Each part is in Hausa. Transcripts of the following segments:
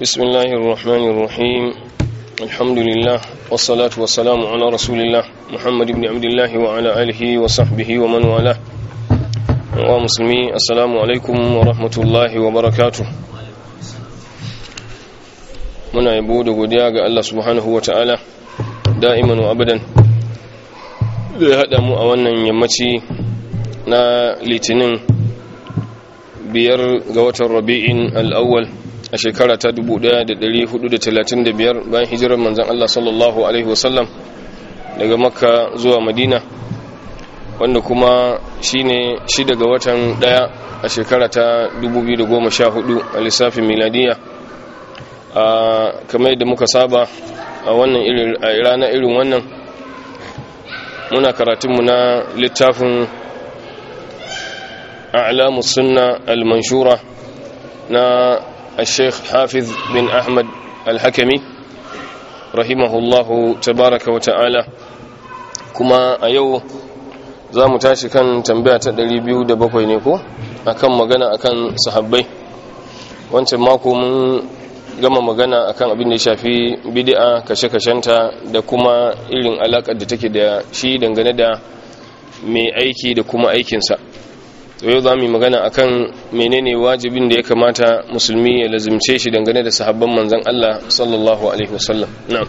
بسم الله الرحمن الرحيم الحمد لله والصلاة والسلام على رسول الله محمد بن عبد الله وعلى آله وصحبه ومن والاه ومسلمي السلام عليكم ورحمة الله وبركاته muna yabo da godiya ga Allah subhanahu wa ta'ala da'iman wa abadan da ya haɗa mu a wannan yammaci na litinin biyar ga watan rabi'in al'awwal a shekara ta biyar bayan hijirar manzan Allah sallallahu alaihi wasallam daga makka zuwa madina wanda kuma shine shi daga watan daya a shekara ta 2014 a lissafin miladiya a kamar yadda muka saba a wannan rana irin wannan muna karatunmu na littafin a'lamu sunna al-manshura na الشيخ حافظ بن أحمد الحكمي رحمه الله تبارك وتعالى كما أيو za mu tashi kan tambaya ta 207 ne ko akan magana akan sahabbai wancan mako mun gama magana akan abin da ya shafi bid'a kashe-kashenta da kuma irin alakar da take da shi dangane da mai aiki da kuma aikinsa to yau za mu yi magana kan menene wajibin da ya kamata musulmi ya lazimce shi dangane da sahabban manzan Allah sallallahu alaihi wasallam na'am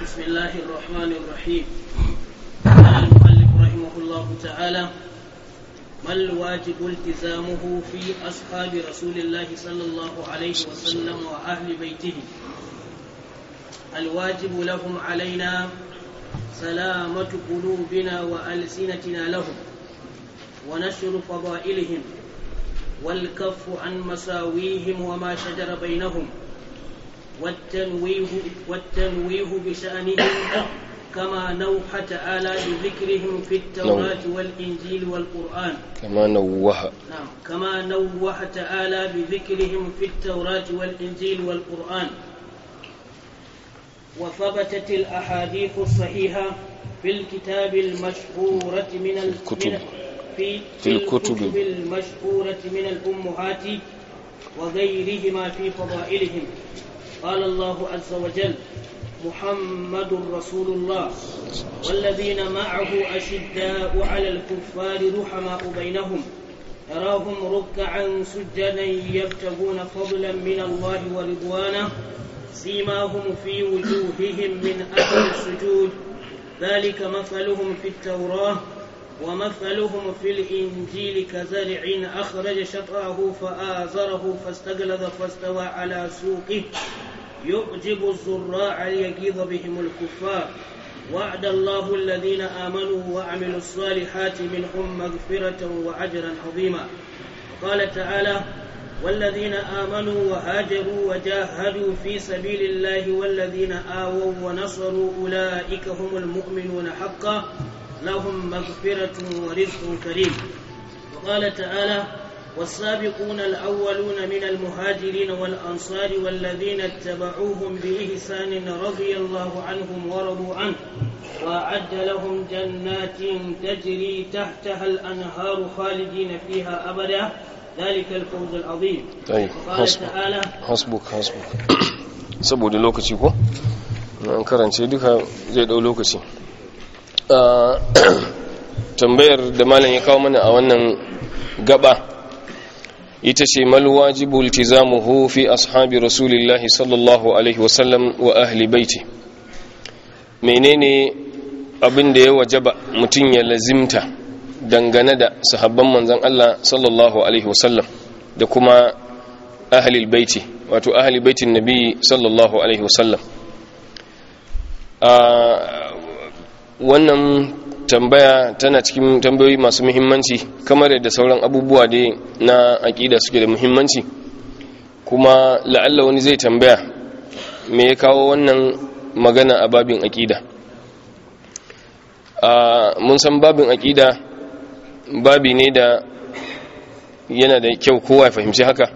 بسم الله الرحمن الرحيم قال سلامة قلوبنا وألسنتنا لهم ونشر فضائلهم والكف عن مساويهم وما شجر بينهم والتنويه, والتنويه بشأنهم كما نوح تعالى بذكرهم في التوراة والإنجيل والقرآن كما نوه نعم كما نوح تعالى بذكرهم في التوراة والإنجيل والقرآن وثبتت الأحاديث الصحيحة في الكتاب المشهورة من الكتب في, في الكتب المشهورة من الأمهات وغيرهما في فضائلهم قال الله عز وجل محمد رسول الله والذين معه أشداء على الكفار رحماء بينهم تراهم ركعا سجدا يبتغون فضلا من الله ورضوانه سيماهم في وجوههم من أهل السجود ذلك مثلهم في التوراة ومثلهم في الإنجيل كزرع أخرج شطأه فآزره فاستغلظ فاستوى على سوقه يعجب الزراع ليغيظ بهم الكفار وعد الله الذين آمنوا وعملوا الصالحات منهم مغفرة وأجرا عظيما وقال تعالى والذين آمنوا وهاجروا وجاهدوا في سبيل الله والذين آووا ونصروا أولئك هم المؤمنون حقا لهم مغفرة ورزق كريم وقال تعالى والسابقون الأولون من المهاجرين والأنصار والذين اتبعوهم بإحسان رضي الله عنهم ورضوا عنه وأعد لهم جنات تجري تحتها الأنهار خالدين فيها أبدا ذلك الفوز العظيم طيب حسبك حسبك حسبك saboda lokaci ko an karance duka zai dau lokaci tambayar da malam ya kawo mana a wannan gaba ita ce mal wajibu iltizamuhu fi ashabi rasulillahi sallallahu alaihi wasallam wa ahli baiti menene abin da ya wajaba mutum ya lazimta dangane da sahabban manzan Allah sallallahu alaihi wasallam da kuma ahli baiti wato ahli baitin nabi sallallahu alaihi wasallam ah, wannan tambaya tana cikin tambayoyi masu muhimmanci kamar da sauran abubuwa dai na aƙida suke da muhimmanci kuma la'alla wani zai tambaya me ya kawo wannan magana a babin aƙida mun san babin aƙida babi ne da yana da kyau kowa ya fahimci haka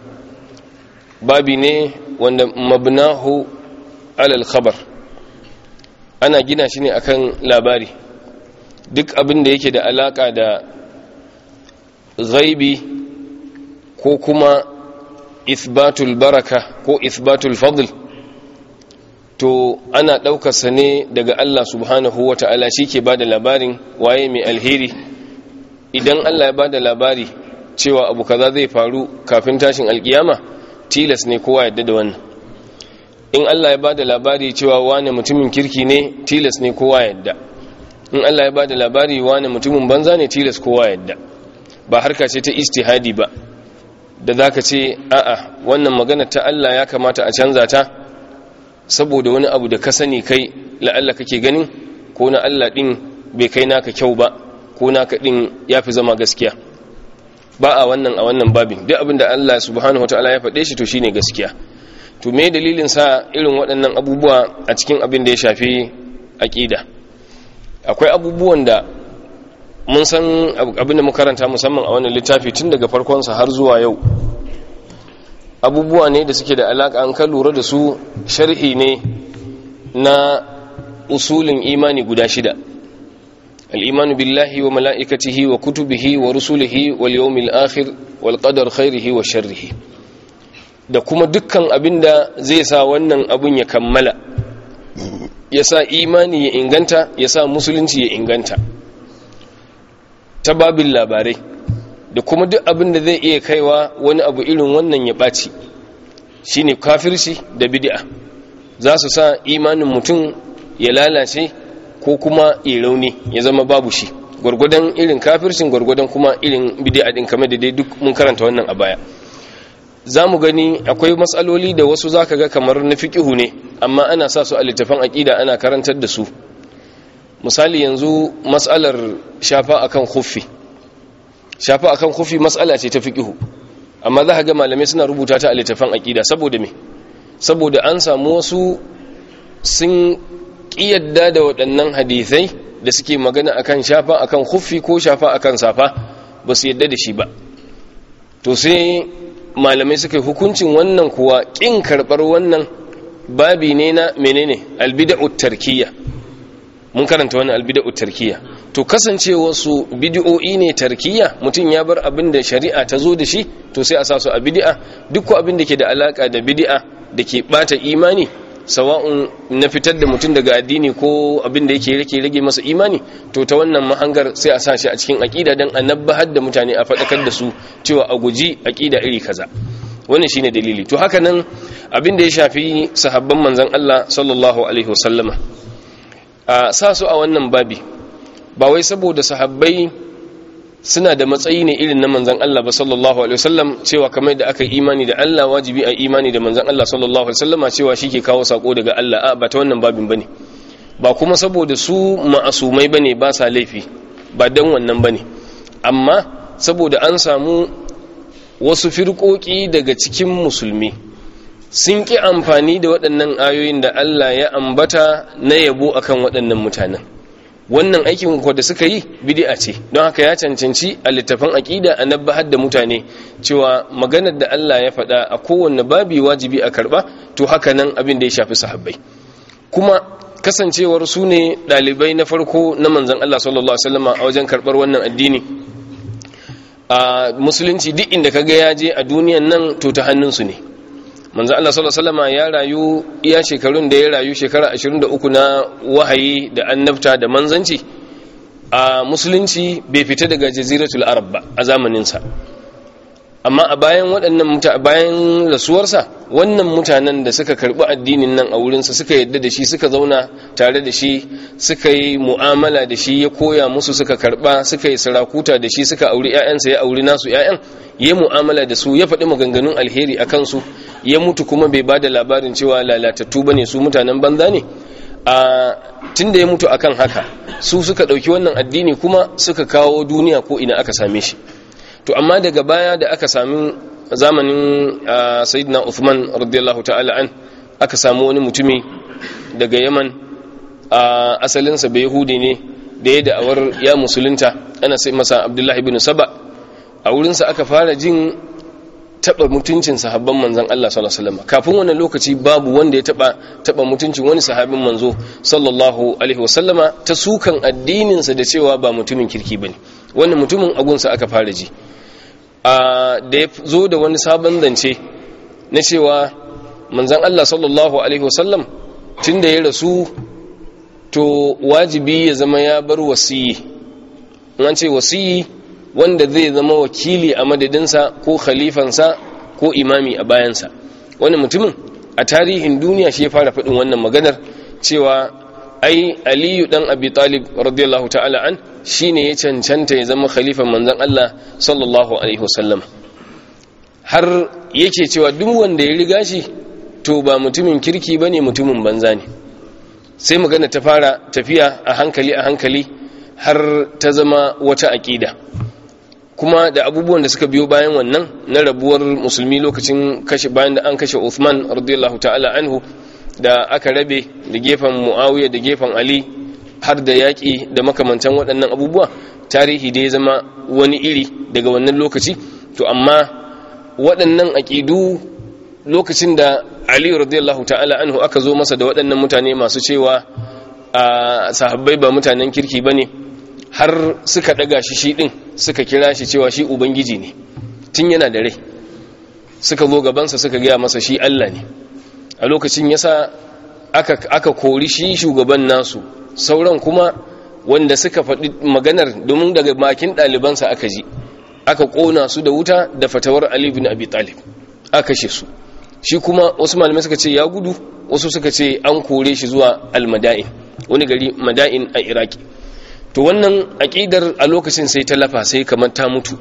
babi ne wanda mabnahu alal khabar ana gina shi ne akan labari duk abin da yake da alaka da zaibi ko kuma isbatul baraka ko isbatul fadl to ana ɗaukarsa ne daga Allah subhanahu wa ta'ala shi ke ba labarin waye mai alheri idan Allah ya bada labari cewa abu kaza zai faru kafin tashin alkiyama tilas ne kowa yadda da wannan in Allah ya bada labari cewa wane mutumin kirki ne tilas ne kowa yadda in Allah ya ba da labari wani mutumin banza ne tilas kowa yadda ba harka ce ta istihadi ba da za ka ce a'a wannan magana ta Allah ya kamata a canza ta saboda wani abu da ka sani kai la'alla kake ganin ko na Allah ɗin bai kai naka kyau ba ko naka ɗin ya fi zama gaskiya ba a wannan a wannan babin duk abin da Allah subhanahu wataala ya faɗe shi to shine gaskiya to me dalilin sa irin waɗannan abubuwa a cikin abin da ya shafi aƙida akwai abubuwan da mun san abin da muka karanta musamman a wannan littafi tun daga farkonsa har zuwa yau abubuwa ne da suke da alaƙa an ka lura da su sharhi ne na usulin imani guda shida al'imanu billahi wa mala'ikatihi wa kutubihi wa rusulihi wal yawmil akhir wal qadar khairihi wa sharrihi da kuma dukkan abin da zai sa wannan abun ya kammala ya sa imani ya inganta ya sa musulunci ya inganta ta babin labarai da kuma duk abin da zai iya kaiwa wani abu irin wannan ya ɓaci shi ne kafirci da bidi'a za su sa imanin mutum ya lalace ko kuma ya rauni ya zama babu shi gwargwadon irin kafircin gwargwadon kuma irin bidi'a din kamar da dai duk mun karanta wannan a baya za mu gani akwai matsaloli da wasu za ka ga kamar na fiƙihu ne amma ana sa su a littafin aƙida ana karantar da su misali yanzu matsalar shafa akan kufi shafa akan kufi matsala ce ta fiƙihu amma za ka ga malamai suna rubuta ta a littafin aƙida saboda me saboda an samu wasu sun ƙiyadda da waɗannan hadithai da suke magana akan shafa akan kufi ko shafa akan safa ba su yadda da shi ba to sai malamai suka yi hukuncin wannan kuwa ƙin karɓar wannan babi ne na menene albida'ut tarkiyya mun karanta wannan albida'ut tarkiyya to kasancewa su bid'o'i ne tarkiyya mutum ya bar abin da shari'a ta zo da shi to sai a sasu a bid'a duk ko abin da ke da alaka da bid'a da ke bata imani sawa'un na fitar da mutum daga addini ko abin da yake rike rage masa imani to ta wannan mahangar sai a sashi a cikin aƙida dan a nabbahar da mutane a faɗakar da su cewa a guji aƙida iri kaza wannan shine dalili to haka nan abin da ya shafi sahabban manzon Allah sallallahu alaihi wasallama a sa su a wannan babi ba wai saboda sahabbai suna da matsayi ne irin na manzan Allah ba sallallahu alaihi wasallam cewa kamar da aka imani da Allah wajibi a imani da manzan Allah sallallahu alaihi wasallama cewa ke kawo sako daga Allah a ba ta wannan babin bane ba kuma saboda su ma'asumai bane ba sa laifi ba dan wannan bane amma saboda an samu wasu firkoki daga cikin musulmi sun ki amfani da waɗannan ayoyin da Allah ya ambata na yabo akan waɗannan mutanen wannan aikin da suka yi bid'a ce don haka ya cancanci a littafin aqida annabba har da mutane cewa maganar da Allah ya faɗa a kowanne babi wajibi a karba to haka nan abin da ya shafi sahabbai kuma kasancewar su ne ɗalibai na farko na manzon Allah sallallahu alaihi wasallam a wajen karbar wannan addini a musulunci duk inda kaga ya je a duniyar nan to ta hannun su ne manzo Allah sallallahu alaihi wasallam ya rayu iya shekarun da ya rayu shekara 23 na wahayi da annabta da manzanci a musulunci bai fita daga jaziratul arab ba a zamanin sa amma a bayan waɗannan muta bayan rasuwarsa wannan mutanen da suka karbi addinin nan a wurinsa suka yadda da shi suka zauna tare da shi suka yi mu'amala da shi ya koya musu suka karba suka yi sarakuta da shi suka auri 'ya'yansa ya auri nasu 'ya'yan yayi mu'amala da su ya faɗi maganganun alheri a kansu ya mutu kuma bai bada labarin cewa lalatattu ba ne su mutanen banza ne a tunda ya mutu akan haka su suka dauki wannan addini kuma suka kawo duniya ko ina aka same shi to amma daga baya da aka sami zamanin sayyidina Uthman radiyallahu ta'ala aka sami wani mutumi daga Yaman asalinsa bai Yahudi ne da ya da'awar ya musulunta ana sai masa Abdullahi ibn Saba a wurinsa aka fara jin taba mutuncin sahabban manzon Allah sallallahu alaihi wasallam kafin wannan lokaci babu wanda ya taba taba mutuncin wani sahabin manzo sallallahu alaihi wasallam ta sukan addinin sa da cewa ba mutumin kirki bane wannan mutumin agunsa aka fara ji a da ya zo da wani sabon zance na cewa manzon Allah sallallahu alaihi wasallam tunda ya rasu to wajibi ya zama ya bar wasiyi wannan ce wasiyi wanda zai zama wakili a madadinsa ko khalifansa ko imami a bayansa wani mutumin a tarihin duniya shi ya fara faɗin wannan maganar cewa ai aliyu dan abi talib radiyallahu ta'ala an shine ya cancanta ya zama khalifan manzon Allah sallallahu alaihi wasallam har yake cewa duk wanda ya riga shi to ba mutumin kirki ba ne mutumin banza ne sai magana ta fara tafiya a hankali a hankali har ta zama wata aƙida kuma da abubuwan da suka biyo bayan wannan na rabuwar musulmi lokacin kashe bayan da an kashe Uthman radiyallahu ta'ala anhu da aka rabe da gefen Muawiya da gefen Ali har da yaƙi da makamantan waɗannan abubuwa tarihi da ya zama wani iri daga wannan lokaci to amma waɗannan aƙidu lokacin da Ali radiyallahu ta'ala anhu aka zo masa da waɗannan mutane masu cewa a sahabbai ba mutanen kirki bane har suka daga shi shi din suka kira shi cewa shi ubangiji ne tun yana da rai suka zo gabansa suka gaya masa shi Allah ne a lokacin yasa aka aka kori shi shugaban nasu sauran kuma wanda suka faɗi maganar domin daga makin ɗalibansa aka ji aka ƙona su da wuta da fatawar Ali bin Abi Talib aka kashe su shi kuma wasu malamai suka ce ya gudu wasu suka ce an kore shi zuwa al-Mada'in wani gari Mada'in a Iraki to wannan aƙidar a lokacin sai ta lafa sai kamar ta mutu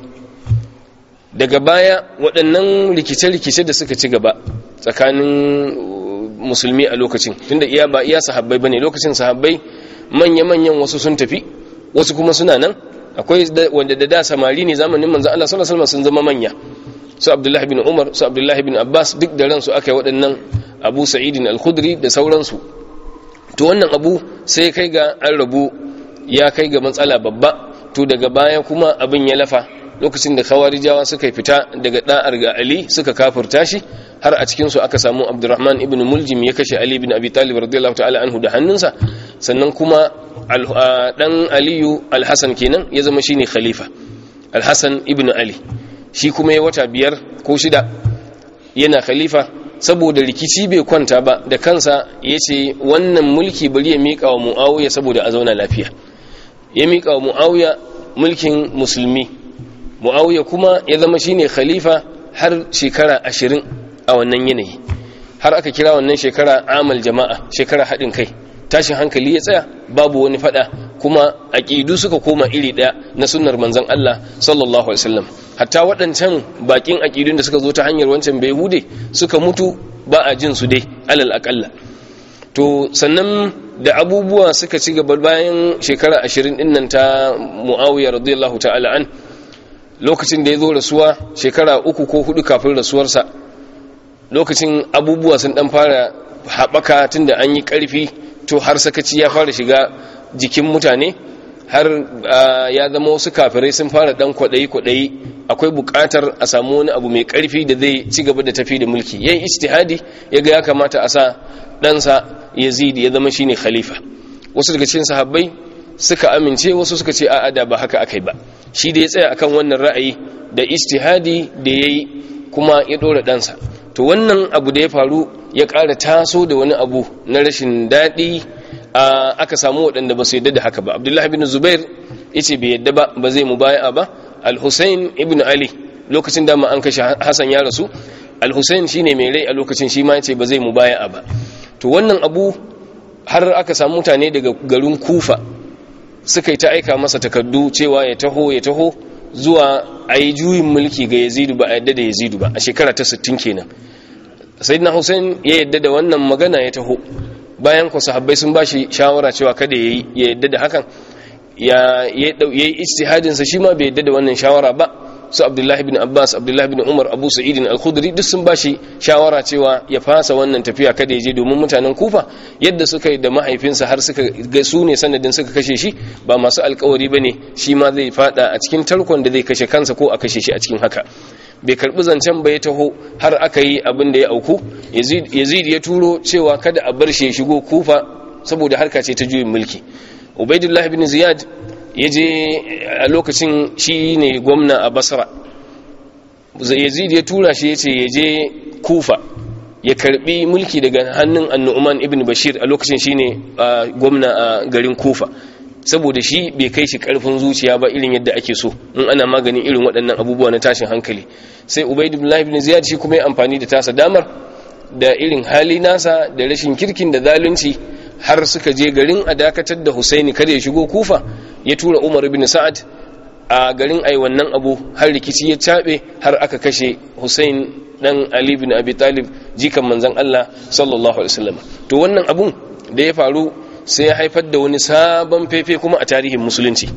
daga baya waɗannan rikice-rikice da suka ci gaba tsakanin uh, musulmi a lokacin tunda iya ba iya sahabbai bane lokacin sahabbai manya-manyan wasu sun tafi wasu kuma suna nan akwai wanda da da samari ne zamanin manzan Allah sallallahu alaihi sun zama manya su Abdullahi bin Umar su Abdullahi bin Abbas duk da ransu aka yi waɗannan Abu Sa'idin al-Khudri da sauransu to wannan abu sai kai ga an rabu ya kai ga matsala babba to daga baya kuma abin ya lafa lokacin da khawarijawa suka fita daga da'ar ga ali suka kafurta shi har a cikin su aka samu abdurrahman ibn muljim ya kashe ali ibn abi talib radiyallahu ta'ala anhu da hannunsa sannan kuma dan aliyu alhassan kenan ya zama shine khalifa alhassan ibn ali shi kuma ya wata biyar ko shida yana khalifa saboda rikici bai kwanta ba da kansa ya ce wannan mulki bari ya mika wa mu'awiya saboda a zauna lafiya ya miƙa wa mu'awiya mulkin musulmi mu'awiya kuma ya zama shine khalifa har shekara ashirin a wannan yanayi har aka kira wannan shekara amal jama'a shekara haɗin kai tashin hankali ya tsaya babu wani faɗa kuma aƙidu suka koma iri ɗaya na sunnar manzon Allah sallallahu alaihi wasallam hatta waɗancan bakin aƙidun da suka zo ta hanyar wancan bai hude suka mutu ba a jin su dai alal aƙalla to sannan da abubuwa suka ci gaba bayan shekara ashirin dinnan ta mu'awiyar, radiyallahu ta'ala an lokacin da ya zo rasuwa shekara uku ko hudu kafin rasuwarsa lokacin abubuwa sun dan fara haɓaka tun da an yi ƙarfi to har sakaci ya fara shiga jikin mutane har ya zama wasu kafirai sun fara dan kwaɗayi-kwaɗayi akwai buƙatar a samu wani abu mai ƙarfi da zai ci gaba da tafi da mulki yayin istihadi ya ga ya kamata a sa ɗansa yazid ya zama shine khalifa wasu daga cikin sahabbai suka amince wasu suka ce a'a da ba haka akai ba shi da ya tsaya akan wannan ra'ayi da istihadi da yayi kuma ya dora ɗansa to wannan abu da ya faru ya ƙara taso da wani abu na rashin daɗi aka samu waɗanda ba su yadda da haka ba abdullahi bin zubair yace bai yadda ba ba zai mu baya ba al-husayn ibn ali lokacin da ma an kashe hasan ya rasu al-husayn shine mai rai a lokacin shi ma yace ba zai mu baya ba to wannan abu har aka samu mutane daga garin kufa suka yi ta aika masa takardu cewa ya taho ya taho zuwa a yi juyin mulki ga yazidu ba a yadda da yazidu ba a shekara ta 60 kenan sayyidina Husayn ya yadda da wannan magana ya taho bayan ku sahabbai sun bashi shawara cewa kada yayi ya yadda da hakan ya yayi ijtihadin sa shi ma bai yadda da wannan shawara ba su Abdullah ibn Abbas abdullahi ibn Umar Abu Sa'id al-Khudri duk sun bashi shawara cewa ya fasa wannan tafiya kada ya je domin mutanen Kufa yadda suka yi da mahaifinsa har suka ga su ne sanadin suka kashe shi ba masu alkawari bane shi ma zai fada a cikin tarkon da zai kashe kansa ko a kashe shi a cikin haka bai karbi zancen bai taho har aka yi abin da ya auku yazid ya turo cewa kada a bar shi ya shigo kufa saboda harka ce ta juyin mulki ubaidullah bin ziyad ya je a lokacin shi ne gwamna a basra yazid ya tura shi ya ce ya je kufa ya karbi mulki daga hannun annu'man ibn bashir a lokacin shi ne gwamna a garin kufa saboda shi bai kai shi karfin zuciya ba irin yadda ake so in ana maganin irin waɗannan abubuwa na tashin hankali sai ubaidullah ibn ziyad shi kuma ya amfani da tasa damar da irin hali nasa da rashin kirkin da zalunci har suka je garin a dakatar da husaini kada ya shigo kufa ya tura umar ibn sa'ad a garin ai wannan abu har rikici ya cabe har aka kashe husain dan ali bin abi talib jikan manzon allah sallallahu alaihi wasallam to wannan abun da ya faru sai ya haifar da wani sabon fefe kuma a tarihin musulunci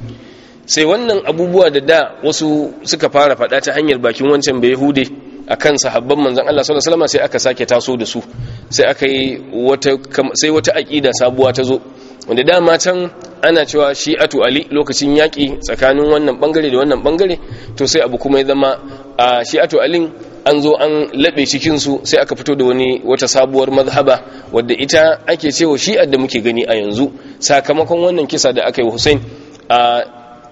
sai wannan abubuwa da da wasu suka fara faɗa ta hanyar bakin wancan bai hude a kan sahabban manzan Allah sallallahu alaihi wasallam sai aka sake taso da su sai aka yi wata sai wata aqida sabuwa ta zo wanda dama can ana cewa shi'atu ali lokacin yaƙi tsakanin wannan bangare da wannan bangare to sai abu kuma ya zama a shi'atu alin an zo an laɓe cikinsu sai aka fito da wani wata sabuwar mazhaba wadda ita ake cewa shi'ar da muke gani a yanzu sakamakon wannan kisa da aka yi hussein a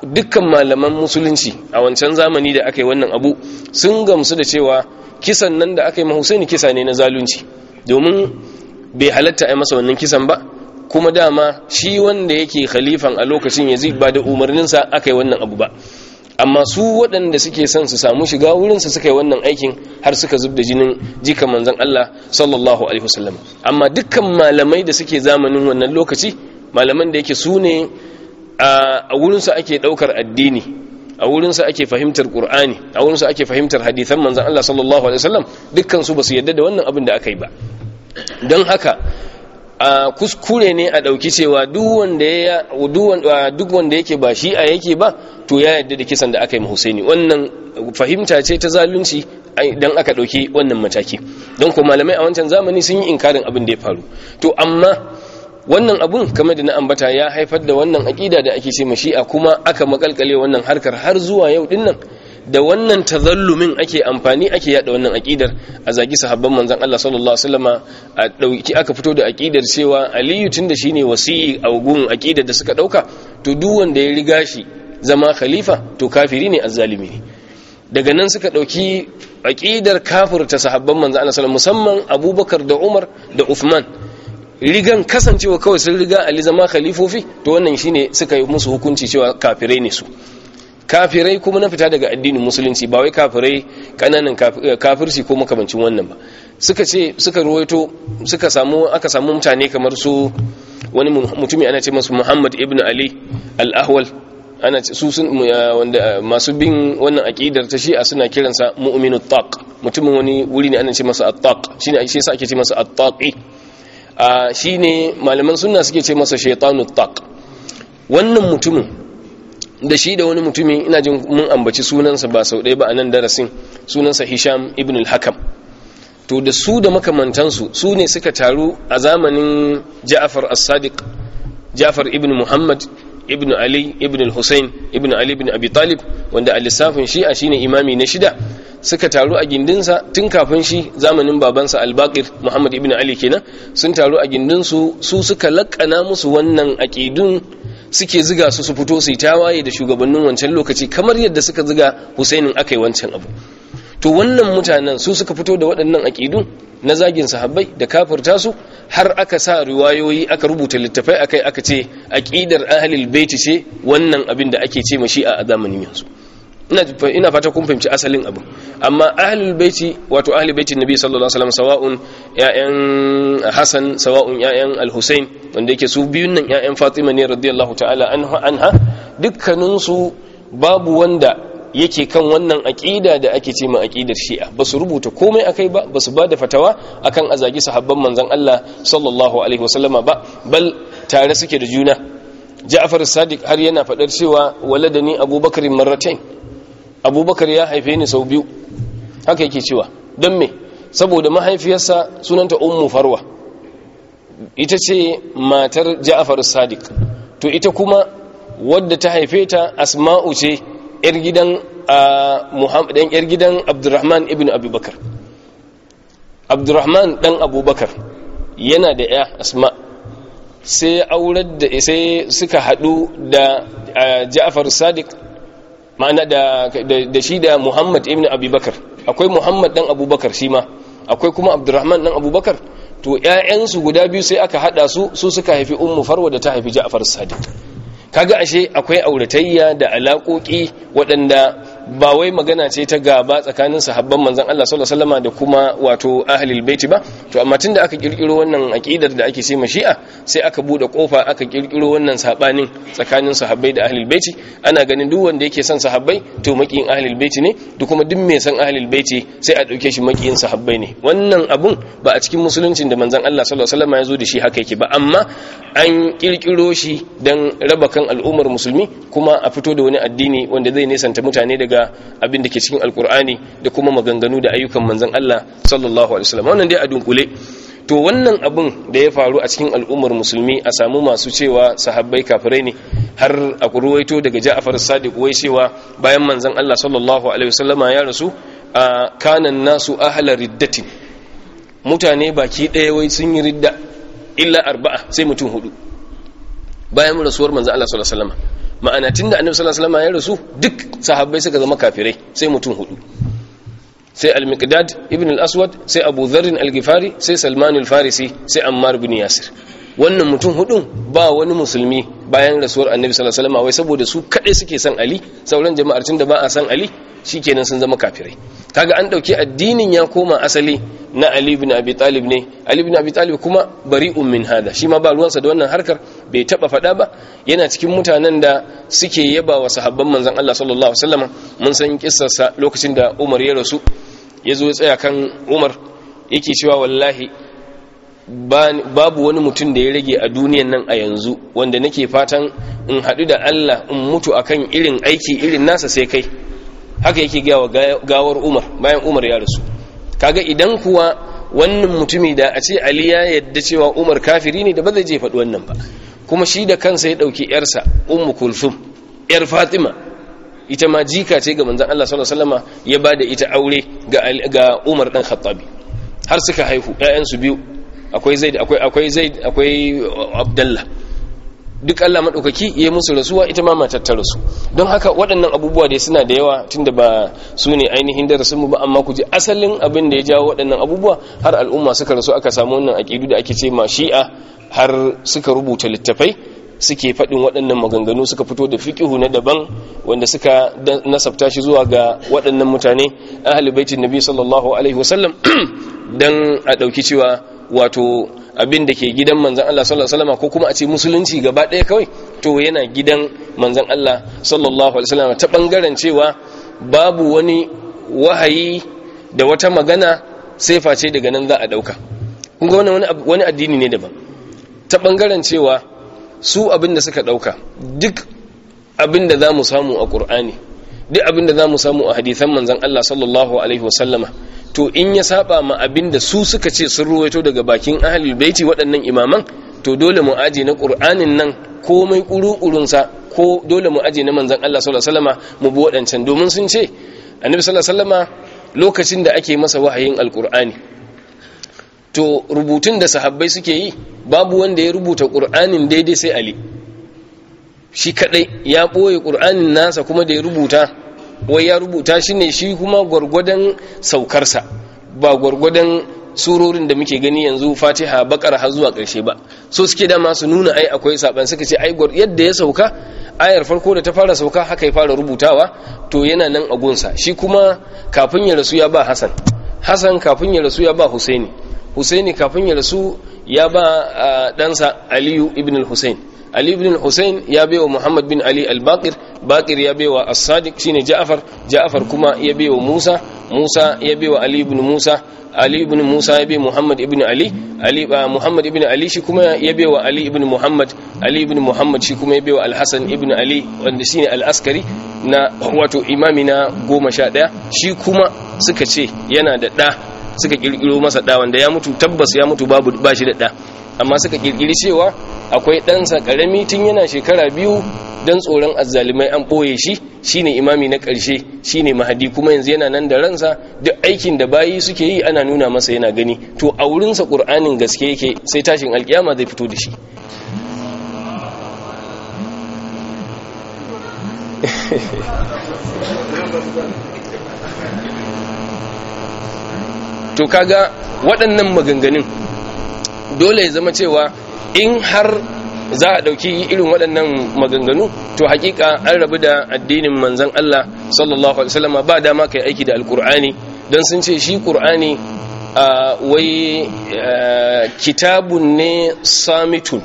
dukkan malaman musulunci a wancan zamani da aka yi wannan abu sun gamsu da cewa kisan nan da aka yi mahusaini kisa ne na zalunci domin bai halatta a masa wannan kisan ba kuma dama shi wanda yake khalifan a lokacin yazid ba da umarninsa aka yi wannan abu ba amma su waɗanda suke son su samu shiga wurinsa suka yi wannan aikin har suka zub da jinin jika manzan Allah sallallahu alaihi wasallam amma dukkan malamai da suke zamanin wannan lokaci malaman da yake su ne a wurinsa ake ɗaukar addini a wurinsa ake fahimtar ƙur'ani a wurinsa ake fahimtar hadithan manzan Allah sallallahu alaihi wasallam dukkan su ba su yadda da wannan abin da aka yi ba don haka a kuskure ne a ɗauki cewa duk wanda yake ba shi a yake ba to ya yadda da kisan da aka yi maHusaini wannan fahimta ce ta zalunci don aka ɗauki wannan mataki don ko malamai a wancan zamani sun yi inkarin abin da ya faru to amma wannan abun kama da na ambata ya haifar da wannan aƙida da ake ce ma a kuma aka makalkale wannan harkar har zuwa yau dinnan da wannan tazallumin ake amfani ake yada wannan aƙidar a zagi sahabban manzan Allah sallallahu alaihi wasallama a dauki aka fito da aƙidar cewa aliyu tunda ne wasi'i a gun aƙidar da suka ɗauka, to duk wanda ya riga shi zama khalifa to kafiri ne azzalimi ne daga nan suka dauki kafir ta sahabban manzan Allah sallallahu wasallam musamman Abubakar da Umar da Uthman rigan kasancewa kawai sun riga ali zama khalifofi to wannan shine suka yi musu hukunci cewa kafirai ne su kafirai kuma na fita daga addinin musulunci ba wai kafirai kananan eh, kafirci ko makamancin wannan ba suka ce suka ruwaito suka samu aka samu mutane kamar su wani mutumi ana ce masu Muhammad ibn Ali al-Ahwal ana ce su sun eh, wanda eh, masu bin wannan aqidar ta Shi'a suna kiransa mu'minu taq mutumin wani wuri ne ana ce masa at-taq shine shi yasa ake ce masa at-taqi ah, shine malaman sunna suke ce masa shaytanu taq wannan mutumin da shi da wani mutumi ina jin mun ambaci sunansa ba sau ɗaya ba a nan darasin sunansa hisham ibn al-hakam to da su da makamantansu su ne suka taru a zamanin ja'afar as-sadiq ja'afar ibn muhammad ibn ali ibn al-husayn ibn ali ibn abi talib wanda a lissafin shi'a shine imami na shida suka taru a gindinsa tun kafin shi zamanin babansa al al-baqir muhammad ibn ali kenan sun taru a gindinsu su suka laƙana musu wannan aƙidun suke ziga su su fito su yi tawaye da shugabannin wancan lokaci kamar yadda suka ziga husainin aka yi wancan abu to wannan mutanen su suka fito da waɗannan aƙidu na zagin sahabbai da kafirta su har aka sa riwayoyi aka rubuta littafai akai aka ce aƙidar ahalil baiti ce wannan abin da ake ce mashi a zamanin yanzu ina fata kun fahimci asalin abu amma ahlul baiti wato ahlul baiti nabi sallallahu alaihi wasallam sawa'un ya'yan hasan sawa'un ya'yan al-husayn wanda yake su biyun nan ya'yan fatima ne radiyallahu ta'ala anha dukkanin su babu wanda yake kan wannan aqida da ake ce ma aqidar shi'a ba su rubuta komai akai ba ba su ba da fatawa akan azagi sahabban manzon Allah sallallahu alaihi wasallama ba bal tare suke da juna Ja'far Sadiq har yana faɗar cewa waladani Abubakar marratain abubakar ya haife ni sau biyu haka yake cewa don me saboda mahaifiyarsa sunanta ummu farwa ita ce matar ja'afar sadiq to ita kuma wadda ta haife ta asma'u ce yar gidan muhammadan yar gidan abdurrahman ibn abubakar abdurrahman dan abubakar yana da ya asma sai aurar da sai suka haɗu da ja'afar sadiq ma'ana da shi da muhammad ibn abubakar akwai muhammad dan abubakar shi ma akwai kuma abdurrahman dan abubakar to 'ya'yansu guda biyu sai aka hada su su suka haifi ummu farwa da ta haifi ja'far sadiq kaga ashe akwai auratayya da alaƙoƙi waɗanda ba wai magana ce ta gaba tsakanin sahabban manzon Allah sallallahu alaihi wasallam da kuma wato ahlul baiti ba to amma tunda aka kirkiro wannan aqidar da ake sai shi'a, sai aka bude kofa aka kirkiro wannan sabanin tsakanin sahabbai da ahlul baiti ana ganin duk wanda yake son sahabbai to makiyin ahlul baiti ne duk kuma duk mai son ahlul baiti sai a dauke shi makiyin sahabbai ne wannan abun ba a cikin musuluncin da manzon Allah sallallahu alaihi wasallam ya zo da shi haka yake ba amma an kirkiro shi dan raba kan al'ummar musulmi kuma a fito da wani addini wanda zai nesanta mutane daga da abin da ke cikin alkur'ani da kuma maganganu da ayyukan manzan Allah sallallahu alaihi wasallam wannan dai a dunkule to wannan abin da ya faru a cikin al'ummar musulmi a samu masu cewa sahabbai kafirai ne har a kurwaito daga Ja'far Sadiq wai cewa bayan manzan Allah sallallahu alaihi wasallam ya rasu a kanan nasu ahla riddati mutane baki ɗaya wai sun yi ridda illa arba'a sai mutum hudu bayan rasuwar manzan Allah sallallahu alaihi wasallam ma'ana da annabi sallallahu alaihi wasallam ya rasu duk sahabbai suka zama kafirai sai mutum hudu sai al-miqdad ibn al-aswad sai abu dharr al-ghifari sai salman al-farisi sai ammar ibn yasir wannan mutum hudun ba wani musulmi bayan rasuwar annabi sallallahu alaihi wasallam wai saboda su kaɗai suke san ali sauran jama'ar tun da ba a san ali kenan sun zama kafirai kaga an dauki addinin ya koma asali na ali ibn abi talib ne ali ibn abi talib kuma bari min hada shi ma ba ruwansa da wannan harkar bai taba fada ba yana cikin mutanen da suke yaba wa sahabban manzon Allah sallallahu alaihi wasallam mun san sa lokacin da Umar ya rasu yazo ya tsaya kan Umar yake cewa wallahi babu wani mutum da ya rage a duniyan nan a yanzu wanda nake fatan in haɗu da Allah in mutu akan irin aiki irin nasa sai kai haka yake gawa gawar Umar bayan Umar ya rasu kaga idan kuwa wannan mutumi da a ce Ali ya yadda cewa Umar kafiri ne da ba zai je faɗi wannan ba kuma shi da kansa ya ɗauki yarsa Ummu Kulthum yar Fatima ita ma jika ce ga manzon Allah sallallahu alaihi wasallama ya bada ita aure ga ga Umar dan Khattabi har suka haihu ƴaƴansu biyu akwai zaid akwai akwai zaid akwai abdullah duk Allah madaukaki yayi musu rasuwa ita ma matar ta rasu don haka waɗannan abubuwa dai suna da yawa tunda ba su ne ainihin darasin mu ba amma ku ji asalin abin da ya jawo waɗannan abubuwa har al'umma suka rasu aka samu wannan aqidu da ake ce ma shi'a har suka rubuta littafai suke faɗin waɗannan maganganu suka fito da fiƙihu na daban wanda suka nasabta shi zuwa ga waɗannan mutane ahli baitin nabi sallallahu alaihi wasallam dan a ɗauki cewa wato abin da ke gidan manzan Allah sallallahu alaihi wasallam ko kuma a ce musulunci gaba ɗaya kawai to yana gidan manzan Allah sallallahu alaihi wasallam ta bangaren cewa babu wani wahayi da wata magana sai face daga nan za a ɗauka kun ga wani addini ne daban ta bangaren cewa su abin da suka ɗauka duk abin da za mu samu a ƙur'ani duk abin da za mu samu a hadithan manzan Allah sallallahu alaihi wasallama to in ya saba ma abin da su suka ce sun ruwaito daga bakin ahalul baiti waɗannan imaman to dole mu aje na ƙur'anin nan komai ƙuruƙurunsa ko dole mu aje na manzan Allah sallallahu alaihi wasallama mu bi waɗancan domin sun ce annabi sallallahu alaihi lokacin da ake masa wahayin alƙur'ani to rubutun da sahabbai suke yi babu wanda ya rubuta ƙur'anin daidai sai ali shi kadai ya ɓoye ƙur'anin nasa kuma da ya rubuta wai ya rubuta shi ne shi kuma gwargwadon saukarsa ba gwargwadon surorin da muke gani yanzu fatiha bakar har zuwa ƙarshe ba so suke dama su nuna ai akwai saban suka ce ai yadda ya sauka ayar farko da ta fara sauka haka ya fara rubutawa to yana nan a gunsa shi kuma kafin ya rasu ya ba hasan hasan kafin ya rasu ya ba husaini husaini kafin ya rasu ya ba ɗansa aliyu ibn al-husain ali ibn al-husain ya baiwa muhammad bin ali al-baqir baqir ya baiwa as-sadiq shine ja'far ja'far kuma ya baiwa musa musa ya baiwa ali ibn musa ali ibn musa ya bai muhammad ibn ali ali muhammad ibn ali shi kuma ya baiwa ali ibn muhammad ali ibn muhammad shi kuma ya baiwa al-hasan ibn ali wanda shine al-askari na wato imami na 11 shi kuma suka ce yana da da suka kirkiro masa da wanda ya mutu tabbas ya mutu babu ba shi da da amma suka kirkiri cewa akwai ɗansa ƙarami tun yana shekara biyu don tsoron azzalimai an ɓoye shi shine imami na ƙarshe shine mahadi kuma yanzu yana nan da ransa duk aikin da bayi suke yi ana nuna masa yana gani to a wurinsa ƙur'anin gaske yake sai tashin alƙiyama zai fito da shi to kaga waɗannan maganganun dole ya zama cewa in har za a ɗauki irin waɗannan maganganu to hakika an rabu da addinin manzan Allah sallallahu alaihi wasallam ba dama kai aiki da alkur'ani don sun ce shi qur'ani wai kitabun ne samitun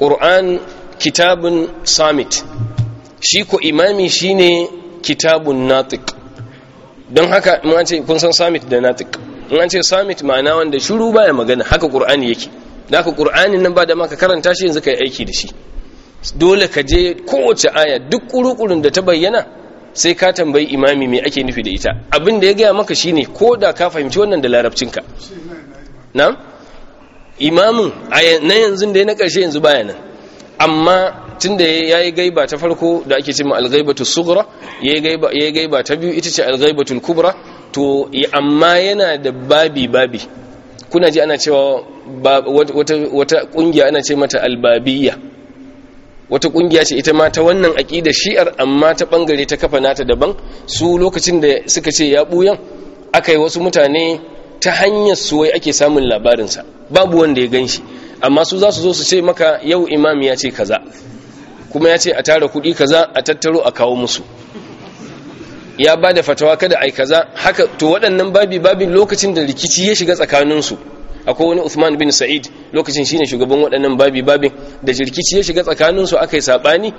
qur'an kitabun samit shi ko imami shine kitabun natiq don haka mun an ce kun san summit da natik mun an ce summit ma'ana wanda shiru baya magana haka qur'ani yake haka qur'anin nan ba da maka karanta shi yanzu kai aiki da shi dole ka je kowace aya duk kurukurun da ta bayyana sai ka tambayi imami me ake nufi da ita abin da ya gaya maka shine ko da ka fahimci wannan da larabcinka na imamin na yanzu da ya na karshe yanzu baya nan amma da tun ya yayi gaiba ta farko da ake cewa algaibatu sugura ya yi gaiba ta biyu ita ce al kubra to amma yana da babi babi kuna ji ana cewa wata kungiya ana ce mata albabiya wata kungiya ce ita ma ta wannan da shi'ar amma ta bangare ta kafa nata daban su lokacin da suka ce ya buyan yi wasu mutane ta hanyar suwai ake samun labarinsa babu wanda ya gan shi amma su za su zo su ce maka yau imam ya ce kaza kuma ya ce a tara kuɗi kaza a tattaro a kawo musu ya ba da fatawa kada a yi kaza haka to waɗannan babi babin lokacin da rikici ya shiga tsakaninsu akwai wani Uthman bin Sa'id lokacin shine shugaban waɗannan babi babin da rikici ya shiga tsakaninsu aka yi sabani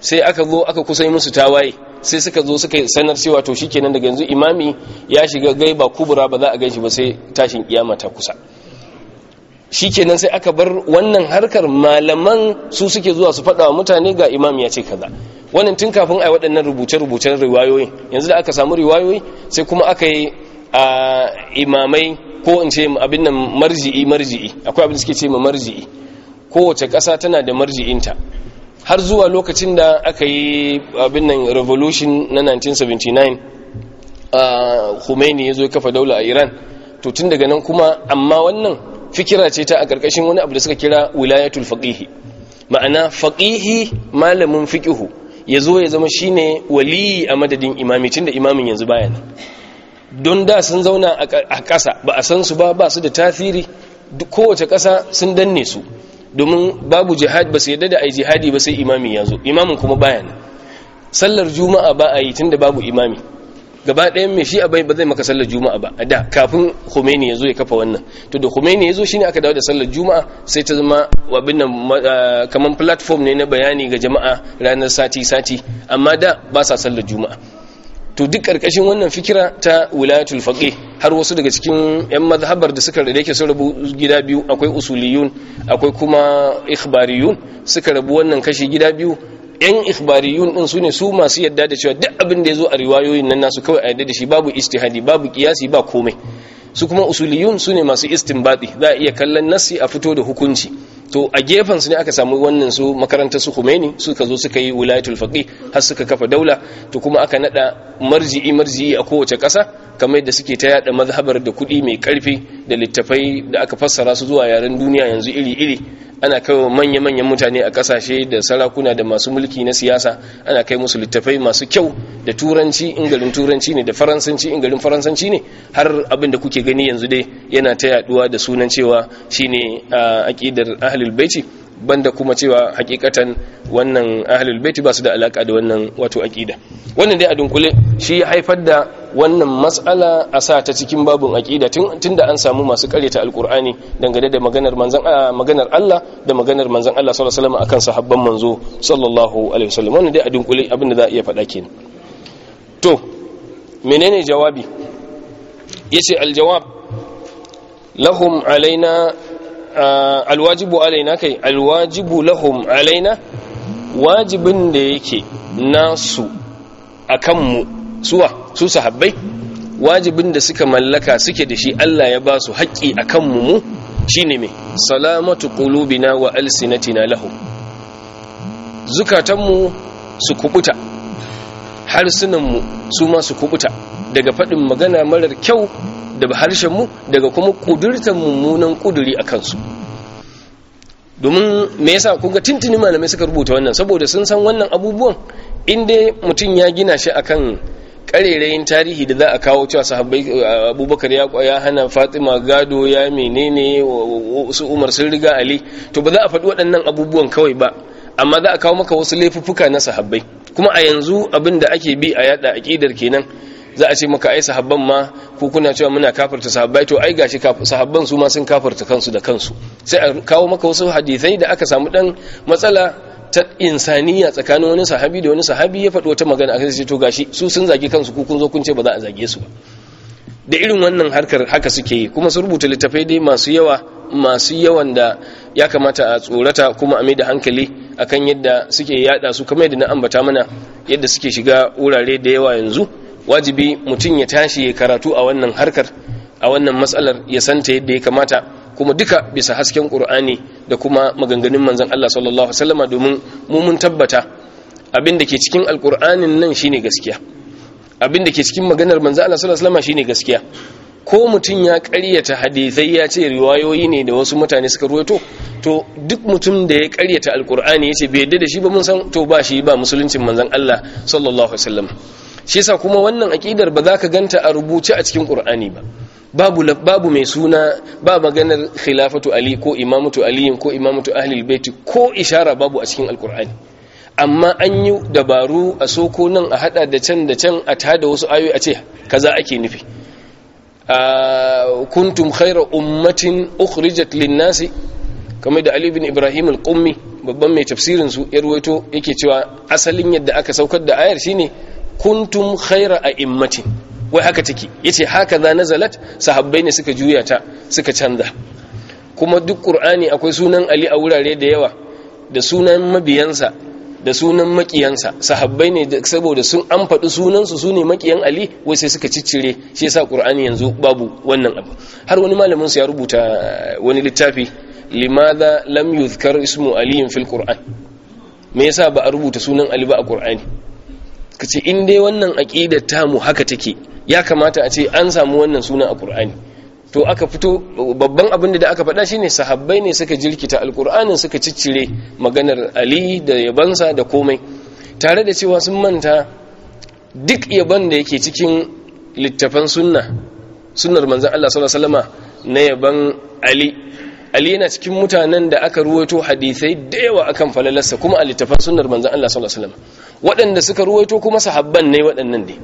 sai aka zo aka kusa musu tawaye sai suka zo suka sanar cewa to shi shikenan daga yanzu imami ya shiga gaiba kubura ba za a shi ba sai tashin kiyama ta kusa shikenan sai aka bar wannan harkar malaman su suke zuwa su faɗa wa mutane ga imam ya ce kaza wannan tun kafin a yi waɗannan rubuce-rubucen riwayoyi yanzu da aka samu riwayoyi sai kuma aka yi a imamai ko in ce abin nan marji'i marji'i akwai abin da suke ce ma marji'i kowace ƙasa tana da marji'inta har zuwa lokacin da aka yi abin nan revolution na 1979 a khomeini ya zo kafa daula a iran to tun daga nan kuma amma wannan fikira ce ta a ƙarƙashin wani abu da suka kira wilayatul faqihi ma'ana faqihi malamin fiqihu ya zo ya zama shine wali a madadin imami tunda imamin yanzu baya nan don da sun zauna a ƙasa ba a san su ba ba su da tasiri kowace ƙasa sun danne su domin babu jihad ba su yadda da ai jihadi ba sai imami ya imamin kuma baya nan sallar juma'a ba a yi tunda babu imami gaba ɗayan mai shi abai ba zai maka sallar juma'a ba da kafin khomeini yazo ya kafa wannan to da khomeini ya zo shine aka dawo da sallar juma'a sai ta zama abin nan kaman platform ne na bayani ga jama'a ranar sati sati amma da ba sa sallar juma'a to duk karkashin wannan fikira ta wilayatul faqih har wasu daga cikin yan mazhabar da suka rike su rabu gida biyu akwai usuliyun akwai kuma ikhbariyun suka rabu wannan kashi gida biyu yan ikhbariyun din sune su masu yadda da cewa duk abin da ya zo a riwayoyin nan nasu kawai a yadda da shi babu istihadi babu kiyasi ba komai su kuma usuliyun sune masu istinbati za a iya kallon nassi a fito da hukunci to a gefen su ne aka samu wannan su makarantar su Khomeini suka zo suka yi wilayatul faqih har suka kafa daula to kuma aka nada marji'i marji'i a kowace kasa kamar yadda suke ta yada mazhabar da kudi mai karfi da littafai da aka fassara su zuwa yaren duniya yanzu iri iri ana kai manya-manyan mutane a kasashe da sarakuna da masu mulki na siyasa ana kai musu littafai masu kyau da turanci ingalin turanci ne da faransanci ingalin faransanci ne har abin da kuke gani yanzu dai yana ta yaduwa da sunan cewa shine ah, aqidar ahlul baiti banda kuma cewa hakikatan wannan ahlul baiti ba su da alaka da wannan wato aqida wannan dai a dunkule shi ya haifar da wannan matsala a sa ta cikin babun aqida tunda an samu masu karyata alqur'ani dangane da maganar manzon maganar Allah da maganar manzon Allah sallallahu alaihi wasallam akan sahabban manzo sallallahu alaihi wasallam wannan dai a dunkule abin da za a iya faɗa kenan to menene jawabi yace aljawab lahum alaina alwajibu alaina kai alwajibu lahum alaina wajibin da yake nasu akan mu suwa su sahabbai wajibin da suka mallaka suke da shi Allah ya ba su haƙƙi akan mu mu shine me salamatu qulubina wa alsinatina lahum zukatanmu su kubuta mu su ma su kubuta daga faɗin magana marar kyau da mu daga kuma kudurtar mummunan kuduri a kansu domin me yasa ku ga tintini malamai suka rubuta wannan saboda sun san wannan abubuwan inda mutum ya gina shi akan karerayin tarihi da za a kawo cewa sahabbai eh, abubakar ya hana fatima gado ya menene su umar sun riga ali to ba za a faɗi waɗannan abubuwan kawai ba amma za a kawo maka wasu laifuffuka na sahabbai kuma a yanzu abin da ake bi a yada aƙidar kenan za a ce maka ai sahabban ma ku kuna cewa muna kafirta sahabbai to ai gashi sahabban su ma sun kafirta kansu da kansu sai a kawo maka wasu hadisai da aka samu dan matsala ta insaniya tsakanin wani sahabi da wani sahabi ya faɗi wata magana a sai to gashi su sun zagi kansu ku kun zo kun ce ba za a zage su ba da irin wannan harkar haka suke yi kuma su rubuta littafai dai masu yawa masu yawan da ya kamata a tsorata kuma a mai da hankali akan yadda suke yada su kamar yadda na ambata mana yadda suke shiga wurare da yawa yanzu wajibi mutum ya tashi ya karatu a wannan harkar a wannan matsalar ya santa yadda ya kamata kuma duka bisa hasken ƙur'ani da kuma maganganun manzan Allah sallallahu alaihi domin mu tabbata abin ke cikin alƙur'anin nan shi ne gaskiya abin ke cikin maganar manzan Allah sallallahu alaihi wasallama ne gaskiya ko mutum ya ƙaryata hadithai ya ce riwayoyi ne da wasu mutane suka ruwaito to duk mutum da ya karyata alkur'ani ya ce bai yadda da shi ba mun san to ba shi ba musuluncin manzan Allah sallallahu alaihi shi sa kuma wannan aƙidar ba za ka ganta a rubuce a cikin ƙur'ani ba babu mai suna ba maganar khilafatu ali ko imamatu aliyin ko imamatu ahlil baiti ko ishara babu a cikin Alƙur'ani. amma an yi dabaru a soko nan a hada da can da can a tada wasu ayoyi a ce kaza ake nufi kuntum khaira ummatin ukhrijat lin-nasi kamar da Ali bin Ibrahim al-Qummi babban mai tafsirin su ya yake cewa asalin yadda aka saukar da ayar shine kuntum khaira a immatin wai haka take ce haka za nazalat sahabbai ne suka juya ta suka canza kuma duk qur'ani akwai sunan ali a wurare da yawa da sunan mabiyansa da sunan makiyansa sahabbai ne saboda sun an faɗi sunansu su ne makiyan ali wai sai suka ciccire shi yasa qur'ani yanzu babu wannan abu har wani malamin su ya rubuta eh, wani littafi limadha lam yuzkar ismu aliyin fil qur'an me yasa ba a rubuta sunan ali ba a qur'ani Ka ce in dai wannan aƙidar tamu haka take ya kamata a ce an samu wannan suna a ƙur'ani to aka fito babban abin da aka faɗa shine sahabbai ne suka jirkita Alƙur'anin suka ciccire maganar Ali da yabansa da komai tare da cewa sun manta duk yaban da yake cikin littafan sunna sunnar manzon Allah sallallahu alaihi wasallama na yaban Ali ali yana cikin mutanen da aka ruwaito hadisai da yawa akan falalarsa kuma a littafan sunnar manzon Allah sallallahu alaihi wasallam waɗanda suka ruwaito kuma sahabban ne waɗannan ne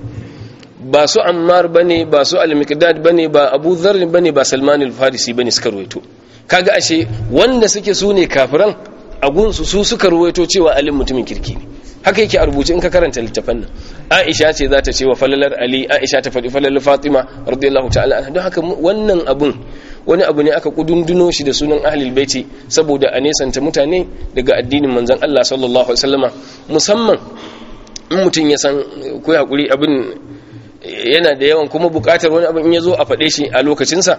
ba su ammar bane ba su al-miqdad bane ba abu dharr bane ba salman al-farisi bane suka ruwaito kaga ashe wanda suke su ne kafiran a gunsu su suka ruwaito cewa ali mutumin kirki ne haka yake a rubuce in ka karanta littafan nan aisha ce za ta ce wa falalar ali aisha ta faɗi falalar fatima radiyallahu ta'ala don haka wannan abun wani abu ne aka kudunduno shi da sunan ahlul baiti saboda a nesanta mutane daga addinin manzon Allah sallallahu alaihi wasallama musamman in mutum ya san ko hakuri abin yana da yawan kuma bukatar wani abin in ya zo a faɗe shi a lokacinsa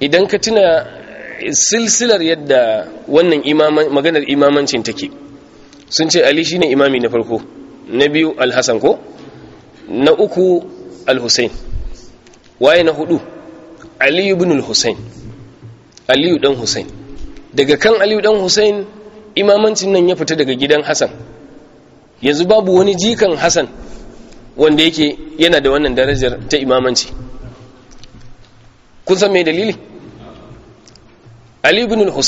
idan ka tuna silsilar yadda wannan maganar imamancin take sun ce ali shine imami na farko na biyu alhassan ko na uku Alhussain waye na hudu Aliyu ibn al aliyu dan husayn daga kan aliyu dan husayn imamancin nan ya fita daga gidan Hassan, yanzu babu wani jikan Hassan wanda yake yana da wannan darajar ta imamanci kun san me dalili Aliyu ibn al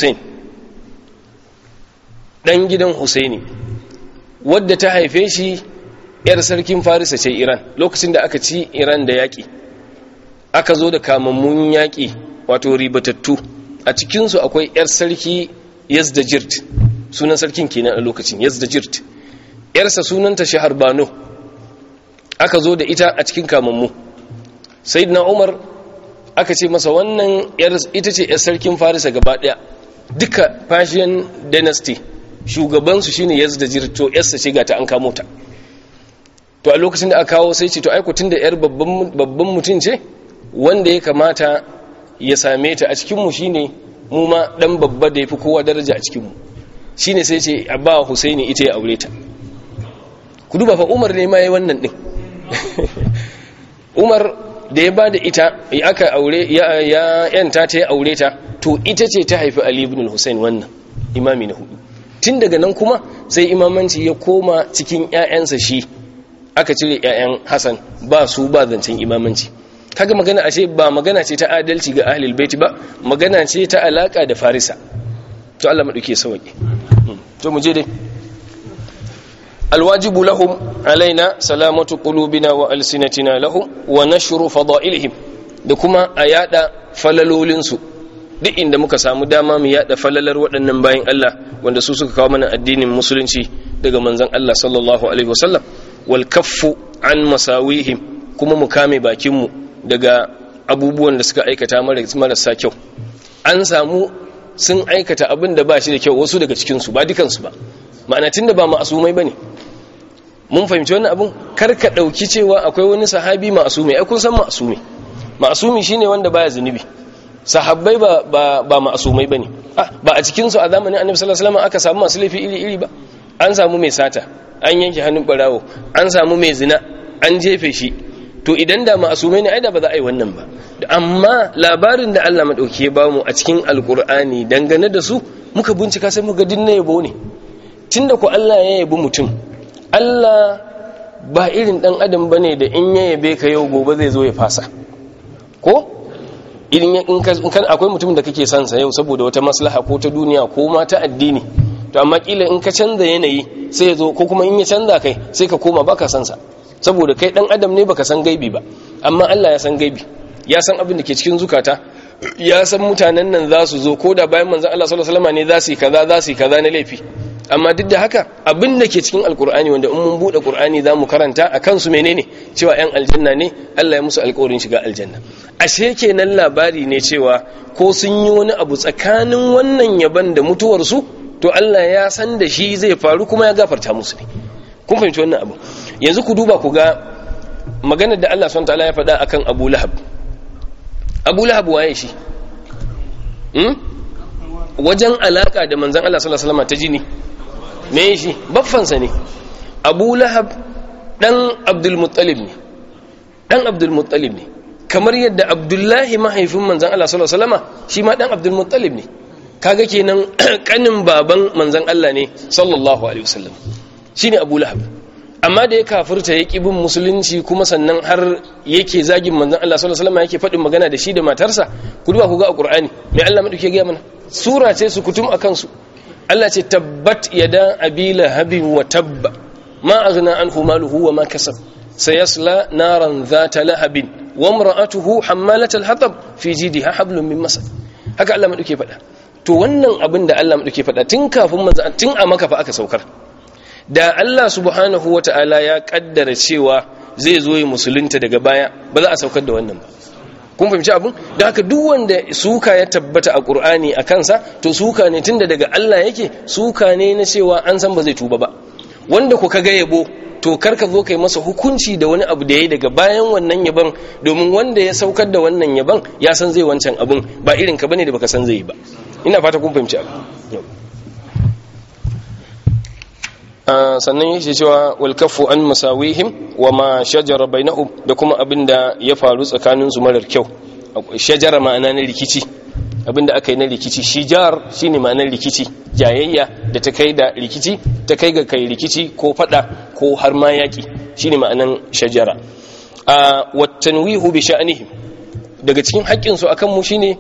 dan gidan husaini wadda ta haife shi yar sarkin farisa ce iran lokacin da aka ci iran da yaƙi aka zo da kamammun yaƙi wato ribatattu a cikinsu akwai 'yar sarki jirt sunan sarkin kenan a lokacin jirt yarsa sunanta bano aka zo da ita a cikin kamammu na umar aka ce masa wannan ita ce 'yar sarkin farisa gaba ɗaya duka fashiyan dynasty shugabansu shine yazdajirt to yarsa ce ga ta an kamo to a lokacin da aka kawo sai ce to aiko tun da 'yar babban mutum ce wanda ya kamata ya same ta a cikinmu shi ne mu ma ɗan babba da ya fi kowa daraja a cikinmu shi ne sai ce abba husaini ita ya aure ta ku duba fa umar ne ma ya wannan ɗin umar da ya ba da ita ya aka aure ya yanta ta ya aure ta to ita ce ta haifi ali ibn husain wannan imami na hudu tun daga nan kuma sai imamanci ya koma cikin 'ya'yansa shi aka cire 'ya'yan hassan ba su ba zancen imamanci kaga magana ashe ba magana ce ta adalci ga ahlul baiti ba magana ce ta alaka da farisa to Allah madauke sauki hmm. to mu je dai alwajibu lahum alaina salamatu qulubina wa alsinatina lahum wa nashru fadailihim da kuma a yada falalolin su duk inda muka samu dama mu yada falalar waɗannan bayin Allah wanda su suka kawo mana addinin musulunci daga manzon Allah sallallahu alaihi wasallam wal kaffu an masawihim kuma mu kame bakin mu daga abubuwan da suka aikata marasa kyau an samu sun aikata abin da ba shi da kyau wasu daga cikinsu ba dukansu ba ma'ana tun da ba ma'asumai ba ne mun fahimci wani abin karka ɗauki cewa akwai wani sahabi ma'asumai. ai kun san ma'asumi shi shine wanda baya zunubi sahabbai ba ba, ba ma'asumai ba a cikinsu a zamanin annabi sallallahu alaihi aka samu masu laifi iri iri ba an samu mai sata an yanke hannun barawo an samu mai zina an jefe shi to idan da ma'asumai ne ai da ba za a yi wannan ba amma labarin da Allah madauke ba mu a cikin alkur'ani dangane da su muka bincika sai muka dinna yabo ne tunda ku Allah ya yabi mutum Allah ba irin dan adam bane da in ya yabe ka yau gobe zai zo ya fasa ko irin in kan akwai mutum da kake son sa yau saboda wata maslaha ko ta duniya ko ma ta addini to amma kila in ka canza yanayi sai ya zo ko kuma in ya canza kai sai ka koma baka son sa saboda kai dan adam ne baka san gaibi ba amma Allah ya san gaibi ya san abin da ke cikin zukata ya san mutanen nan za su zo ko da bayan manzon Allah sallallahu alaihi wasallam ne za su yi kaza za su yi kaza na laifi amma duk da haka abin da ke cikin alkur'ani wanda in mun bude qur'ani za mu karanta a kansu menene cewa yan aljanna ne Allah ya musu alƙawarin shiga aljanna ashe kenan labari ne cewa ko sun yi wani abu tsakanin wannan yaban da mutuwar su to Allah ya san da shi zai faru kuma ya gafarta musu ne kun fahimci wannan abu yanzu ku duba ku ga maganar da Allah subhanahu ta'ala ya faɗa akan Abu Lahab Abu Lahab waye shi hmm? wajen alaka da manzan Allah sallallahu alaihi wasallam ta jini me shi baffansa ne Abu Lahab dan Abdul Muttalib ne dan Abdul Muttalib ne kamar yadda Abdullahi mahaifin manzan Allah sallallahu alaihi wasallam shi ma dan Abdul Muttalib ne kaga kenan kanin baban manzan Allah ne sallallahu alaihi wasallam shine Abu Lahab amma da ya kafirta ya bin musulunci kuma sannan har yake zagin manzon Allah sallallahu alaihi wasallam yake faɗin magana da shi da matarsa ku duba ku ga alqur'ani me Allah madauke ga mana sura ce su kutum akan su Allah ce tabbat yada abila habi wa tabba ma aghna anhu maluhu wa ma kasab sayasla naran dhata lahabin wa imra'atuhu hammalatal hatab fi jidha hablum min masad haka Allah madauke faɗa to wannan abin da Allah madauke faɗa tun kafin manzo tun a maka fa aka saukar da Allah subhanahu wa ta'ala ya kaddara cewa zai zo yi musulunta daga baya ba za a saukar da wannan ba kun fahimci abin da haka duk wanda suka ya tabbata a ƙur'ani a kansa to suka ne tunda daga Allah yake suka ne na cewa an san ba zai tuba ba wanda ku kaga yabo to kar ka zo kai masa hukunci da wani abu da yayi daga bayan wannan yaban domin wanda ya saukar da wannan yaban ya san zai wancan abun ba irin ka bane da baka san zai yi ba ina fata kun fahimci abin Ah, sannan yake cewa walkafu an musawihim wa ma shajara bainahum da kuma abinda ya faru tsakanin su marar kyau shajara ma'ana na rikici abinda aka yi na rikici shijar shine ma'anar rikici jayayya da ta kai da rikici ta kai ga kai rikici ko fada ko har ma yaki shine ma'anar shajara a ah, watanwihu bi sha'nihim daga cikin haƙƙin su akan mu shine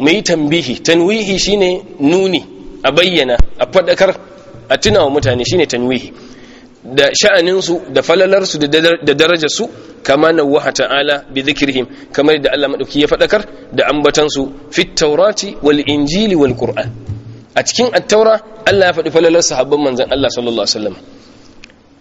mai tambihi tanwihi shine nuni a bayyana a fadakar a tuna wa mutane shine tanwihi da sha'aninsu da falalarsu da darajarsu kama na waha ta'ala bi zikirhim kamar da Allah maɗauki ya faɗakar da ambatansu fit taurati wal injili wal qur'an a cikin attaura Allah ya faɗi falalar sahabban manzon Allah sallallahu alaihi wasallam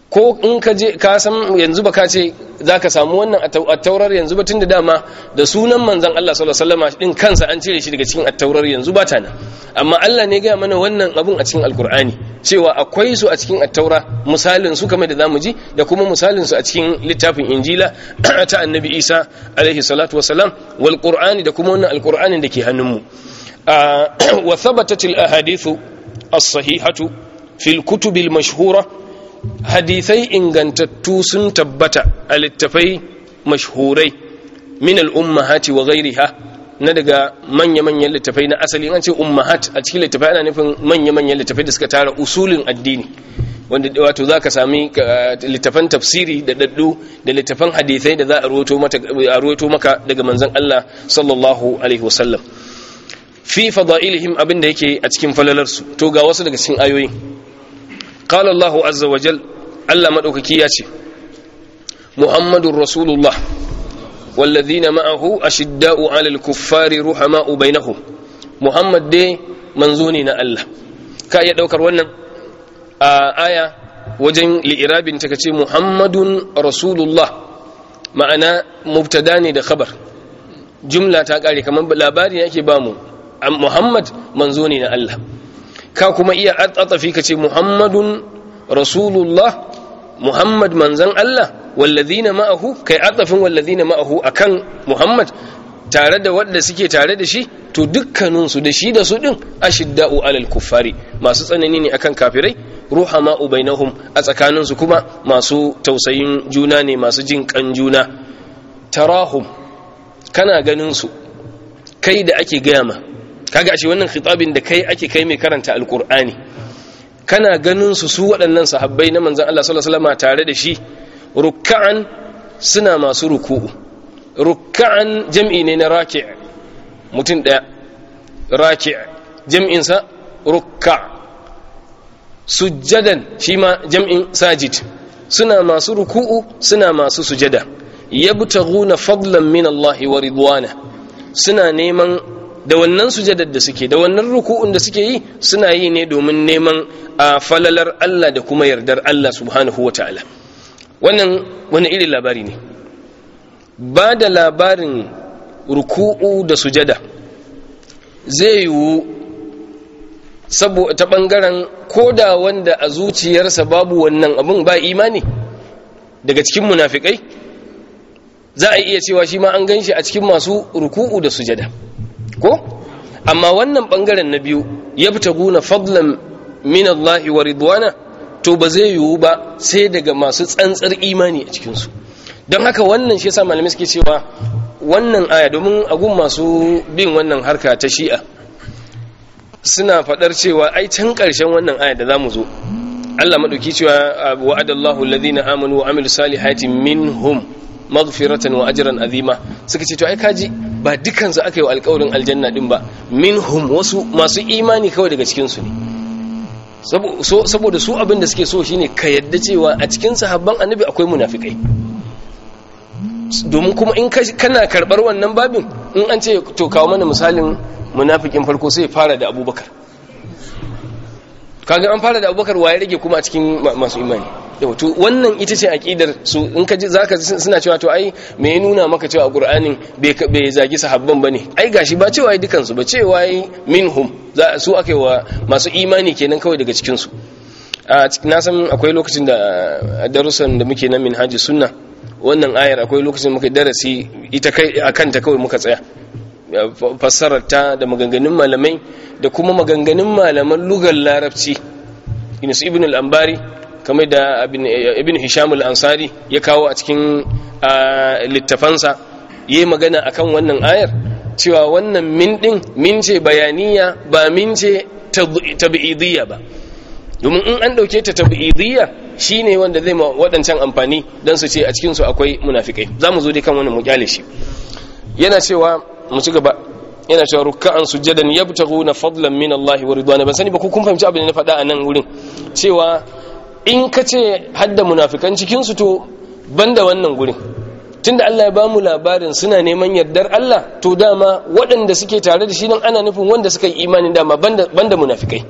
ko in ka je ka san yanzu ba ka ce za ka samu wannan attaurar yanzu ba tun da dama da sunan manzan Allah sallallahu alaihi wasallam din kansa an cire shi daga cikin attaurar yanzu ba ta nan amma Allah ne gaya mana wannan abun a cikin alkur'ani cewa akwai su a cikin attaura misalin su kamar da zamu ji da kuma misalin su a cikin littafin injila ta annabi Isa alaihi salatu wasalam wal qur'ani da kuma wannan alkur'anin da ke hannunmu wa thabatatil ahadithu as-sahihatu fil kutubil mashhura hadisai ingantattu sun tabbata a littafai mashhurai min al'ummahati wa ghairiha na daga manya-manyan littafai na asali an ce ummahat a cikin littafai ana nufin manya-manyan littafai da suka tara usulin addini wanda wato za ka sami littafan tafsiri da daddu da littafan hadisai da za a ruwato maka daga manzan Allah sallallahu alaihi wasallam fi fada'ilihim abin da yake a cikin falalarsu to ga wasu daga cikin ayoyin qala Allahu azza wa jal Allah madaukaki ya ce Muhammadur Rasulullah والذين معه أشداء على الكفار رحماء بينهم محمد دي منزوني نا الله كا يدوكر ونن آية وجن لإراب تكتي محمد رسول الله معنا مبتداني ده خبر جملة تاكالي كمان لاباري يكي بامو محمد منزوني نا الله ka kuma iya atsafi ka ce muhammadun rasulullah muhammad manzan Allah wallazina ma'ahu kai wallazi wallazina ma'ahu akan muhammad tare da wanda suke tare da shi to dukkaninsu da shi da su din ashidda'u alal kuffari masu tsanani ne akan kafirai ruhama ubainahum a tsakaninsu kuma masu tausayin juna ne masu jin kan juna tarahum kana ganin su kai da ake gaya ma kaga ashe wannan khitabin da kai ake kai mai karanta alkur'ani kana ganin su su waɗannan sahabbai na manzon Allah sallallahu alaihi wasallam tare da shi ruk'an suna masu ruku'u ruk'an jam'i ne na raki' mutum daya raki' jam'in sa sujjadan shi ma jam'in sajid suna masu ruku'u suna masu sujada yabtaghuna fadlan min Allah wa ridwana suna neman da wannan sujadar da suke da wannan ruku'un da suke yi suna yi ne domin neman a falalar Allah da kuma yardar Allah subhanahu wa ta'ala wannan wani irin labari ne ba da labarin ruku'u da sujada zai yiwu ta ɓangaren koda wanda a zuciyarsa babu wannan abun ba imani daga cikin munafikai za a iya cewa shi ma an gan shi a cikin masu ruku'u da sujada ko amma wannan bangaren na biyu ya fita guna fadlan min Allah wa ridwana to ba zai yiwu ba sai daga masu tsantsar imani a cikin don haka wannan shi yasa malamai suke cewa wannan aya domin agun masu bin wannan harka ta shi'a suna fadar cewa ai can karshen wannan aya da zamu zo Allah madauki cewa wa'adallahu alladhina amanu wa amilus salihati minhum maghfiratan wa ajran azima suka ce to ai kaji ba dukan su aka yi alƙawarin aljanna din ba minhum wasu masu imani kawai daga cikin su ne saboda su abin da suke so shine ka yadda cewa a cikin sahabban annabi akwai munafikai domin kuma in kana karbar wannan babin in an ce to kawo mana misalin munafikin farko sai fara da abubakar kaga an fara da abubakar waye rage kuma a cikin masu imani to wannan ita ce aqidar su in ka ji zaka suna cewa to ai me ya nuna maka cewa qur'anin bai zagi sahabban ne? ai gashi ba cewa ai dukansu ba cewa ai minhum za su ake wa masu imani kenan kawai daga cikin su na san akwai lokacin da darussan da muke min minhaji sunna wannan ayar akwai lokacin muka darasi ita kai akan ta kawai muka tsaya fassarar ta da maganganun malamai da kuma maganganun malaman lugar larabci Yunus ibn al-ambari kamar da ibn hisham al-ansari ya kawo a cikin littafansa yayi magana akan wannan ayar cewa wannan min din min ce bayaniya ba min ce tab'idiyya ba domin in an dauke ta tab'idiyya shine wanda zai wadancan amfani dan su ce a cikin su akwai munafikai zamu zo dai kan wannan mukyale shi yana cewa mu ci gaba yana cewa ruk'an sujadan yabtaguna fadlan min Allah wa ridwana ban sani ba ku kun fahimci abin da na faɗa a nan wurin cewa in ka ce hadda munafikan su to banda wannan gurin tunda Allah ya ba mu labarin suna neman yardar Allah to dama waɗanda suke tare da shi nan ana nufin wanda suka yi imanin dama banda banda munafikai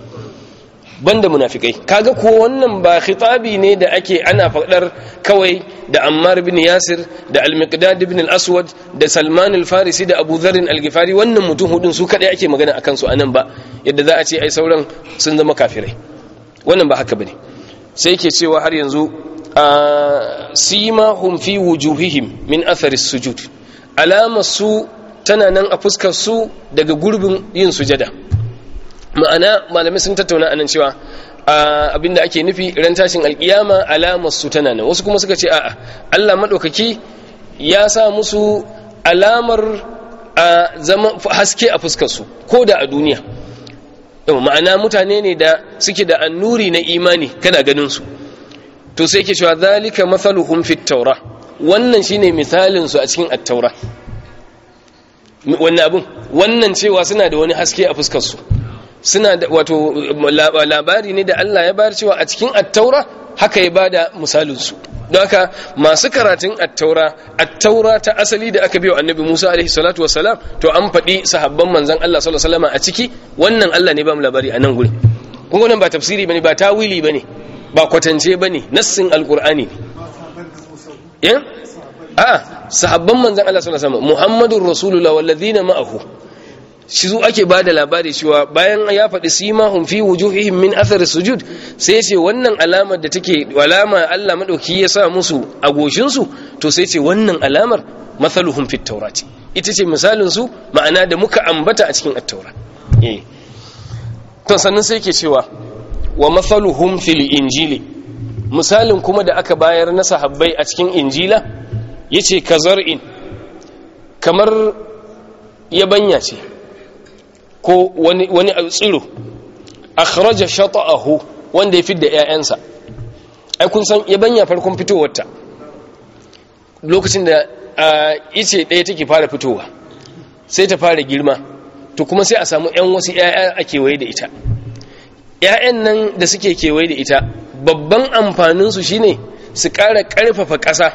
banda munafikai kaga ko wannan ba khitabi ne da ake ana faɗar kawai da Ammar bin Yasir da Al-Miqdad ibn Al-Aswad da Salman Al-Farisi da Abu Dharr Al-Ghifari wannan mutum hudun su kadai ake magana akan su anan ba yadda za a ce ai sauran sun zama kafirai wannan ba haka bane sai ke cewa har yanzu ah, sima fi wujuhihim min atharis sujud alama su tana nan a fuskar su daga gurbin yin sujada ma'ana malamai sun tattauna anan cewa ah, abinda ake nufi ran tashin alkiyama alamar su tana nan wasu kuma suka ce a'a Allah madaukaki ya sa musu alamar ah, zama haske a fuskar su ko da a duniya yau ma'ana mutane ne da suke da annuri na imani kana ganin su to sai ke cewa zalika mathaluhum fit taura wannan shine misalin su a cikin at wannan abun wannan cewa suna da wani haske a fuskarsu, suna da wato labari ne da Allah ya bayar cewa a cikin attaura haka ya bada misalinsu. su don haka masu karatun attaura attaura ta asali da aka biyo annabi musa alaihi salatu wasalam to an faɗi sahabban manzan allah sallallahu alaihi wasallam a ciki wannan allah ne ba mu labari a nan guri kun nan ba tafsiri bane ba tawili bane ba kwatance bane nassin alqur'ani ne eh a ah, sahabban manzan allah sallallahu alaihi wasallam muhammadur rasulullah wallazina ma'ahu shi zu ake ba da labari cewa bayan ya faɗi sima hum fi wujuhihim min athar sujud sai ce wannan alamar da take alama Allah madauki ya sa musu a goshin su to sai ce wannan alamar mathaluhum fit taurati ita ce misalin su ma'ana da muka ambata a cikin at-taura eh. sannan sai ke cewa wa mathaluhum fil injili misalin kuma da aka bayar na sahabbai a cikin injila yace kazar'in kamar yabanya ce ko wani wani tsiro akhraja shata'ahu wanda ya fidda ƴaƴansa ai kun san yabanya farkon fitowar lokacin da ice ɗaya take fara fitowa sai ta fara girma to kuma sai a samu ƴan wasu ƴaƴa a kewaye da ita ƴaƴan nan da suke kewaye da ita babban amfaninsu su shine su ƙara ƙarfafa ƙasa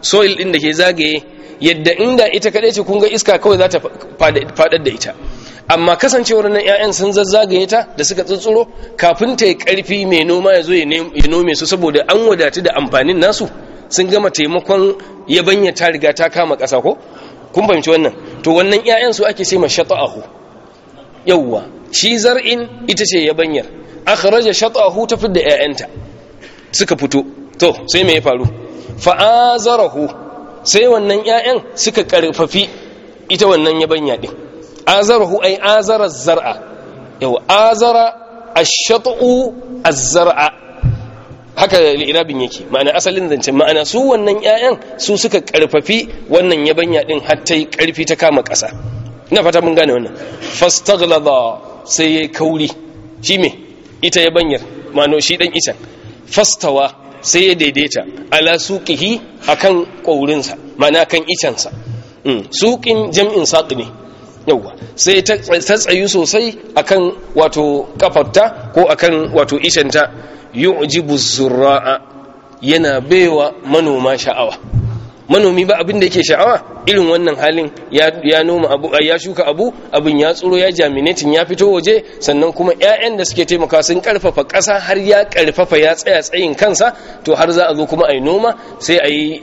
soil ɗin da ke zagaye yadda inda ita kaɗai ce kun ga iska kawai za ta faɗar da ita amma kasancewar nan 'ya'yan sun zazzagaye ta da suka tsutsuro kafin ta yi ƙarfi mai noma ya zo ya nome su saboda an wadatu da amfanin nasu sun gama taimakon yabanya ta riga ta kama ƙasa ko kun fahimci wannan to wannan 'ya'yan su ake sai ma shata'ahu yawwa shi zar'in ita ce yabanyar akhraja shata'ahu ta fidda 'ya'yanta suka fito to sai me ya faru fa'azarahu sai wannan 'ya'yan suka karfafi ita wannan yabanya din azarahu ay azara zar'a yau azara ash-shat'u az-zar'a haka linabin yake ma'ana asalin zance ma'ana su wannan 'ya'yan su suka karfafi wannan yabanya din har ta karfi ta kama ƙasa ina fata mun gane wannan fastaghlada sai yayi kauri shi me ita yabanyar ma'ano shi dan isan fastawa sai ya daidaita ala suqihi akan kaurinsa ma'ana kan icansa hmm, suqin jam'in saq ne yauwa sai ta tsayu sosai akan wato kafarta ko akan wato ishanta yu'jibu zurra'a yana baiwa manoma sha'awa manomi ba abin da yake sha'awa irin wannan halin ya noma abu ya shuka abu abin ya tsuro ya jaminatin ya fito waje sannan kuma 'ya'yan da suke taimaka sun karfafa ƙasa har ya karfafa ya tsaya tsayin kansa to har za a zo kuma a yi noma sai a yi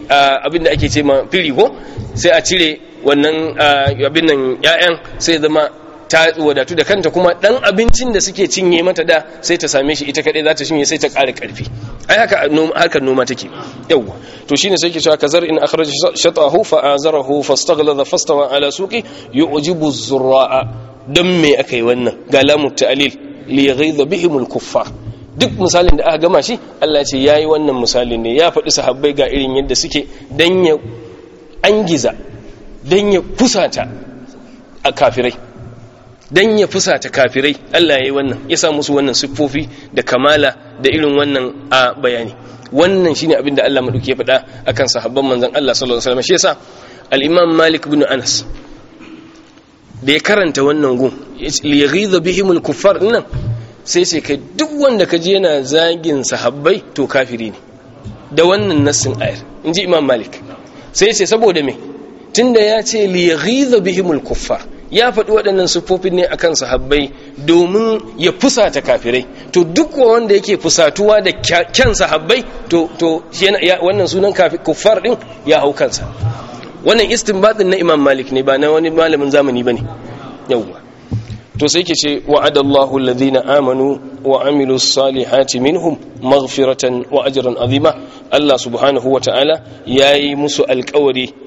abin da ake ce ma firigo sai a cire wannan abin nan ƴaƴan sai zama ta wadatu da kanta kuma dan abincin da suke cinye mata da sai ta same shi ita kadai za ta cinye sai ta ƙara ƙarfi ai haka harkar noma take yawa to shine sai ke cewa kazar in akhraj shatahu fa azarahu fastaghlaza fastawa ala suqi yu'jibu zurra'a dan me akai wannan ga lamu ta'lil li ghayza bihim kuffar duk misalin da aka gama shi Allah ya ce yayi wannan misali ne ya faɗi sahabbai ga irin yadda suke dan ya angiza don ya fusata a kafirai don ya fusata kafirai Allah ya yi wannan ya sa musu wannan siffofi da kamala da irin wannan a bayani wannan shi abin da Allah maɗauki ya faɗa akan sahabban manzan, Allah sallallahu alaihi wasallam shi ya al-Imam Malik bin Anas da ya karanta wannan gun ya yaghidha bihim al nan sai sai kai duk wanda ka ji yana zagin sahabbai to kafiri ne da wannan nassin ayar in ji Imam Malik sai sai saboda me tunda ya ce li da bihimul kuffar ya faɗi waɗannan sufofin ne akan sahabbai domin ya fusata kafirai to duk wanda yake fusatuwa da kyan sahabbai to wannan sunan kuffar ɗin ya hau kansa wannan istinbatin na Imam Malik ne ba na wani malamin zamani bane yawwa to sai ke ce wa'adallahu alladhina amanu wa amilu salihati minhum maghfiratan wa ajran azima Allah subhanahu wa ta'ala yayi musu alƙawari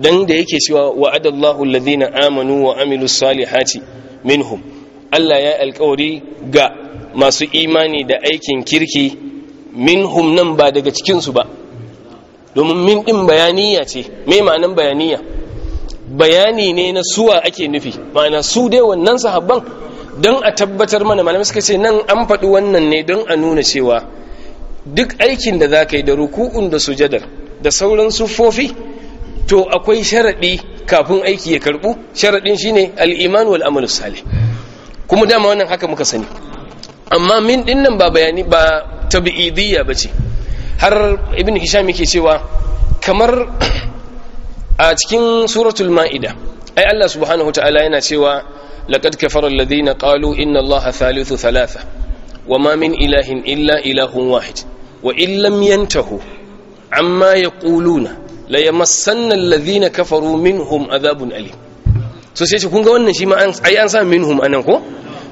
dan da yake cewa wa'adallahu alladhina amanu wa amilu salihati minhum Allah ya alƙawari ga masu imani da aikin kirki minhum nan ba daga cikinsu ba domin min ɗin bayaniya ce mai ma'anan bayaniya bayani ne na suwa ake nufi ma'ana su dai wannan sahabban don a tabbatar mana malamai suka ce nan an faɗi wannan ne don a nuna cewa duk aikin da za ka yi da ruku'un da sujadar da sauran sufofi to akwai sharaɗi kafin aiki ya karɓu sharaɗin shine al-iman wal amal salih kuma dama wannan haka muka sani amma min din nan ba bayani ba ba bace har ibn hisham yake cewa kamar a cikin suratul ma'ida ai Allah subhanahu ta'ala yana cewa laqad kafara alladhina qalu inna allaha thalithu thalatha ma min ilahin illa ilahun wahid wa in miyan yantahu amma yaquluna la yamassanna alladhina kafaru minhum adhabun alim so sai ce kun ga wannan shi ma ai an sa minhum anan ko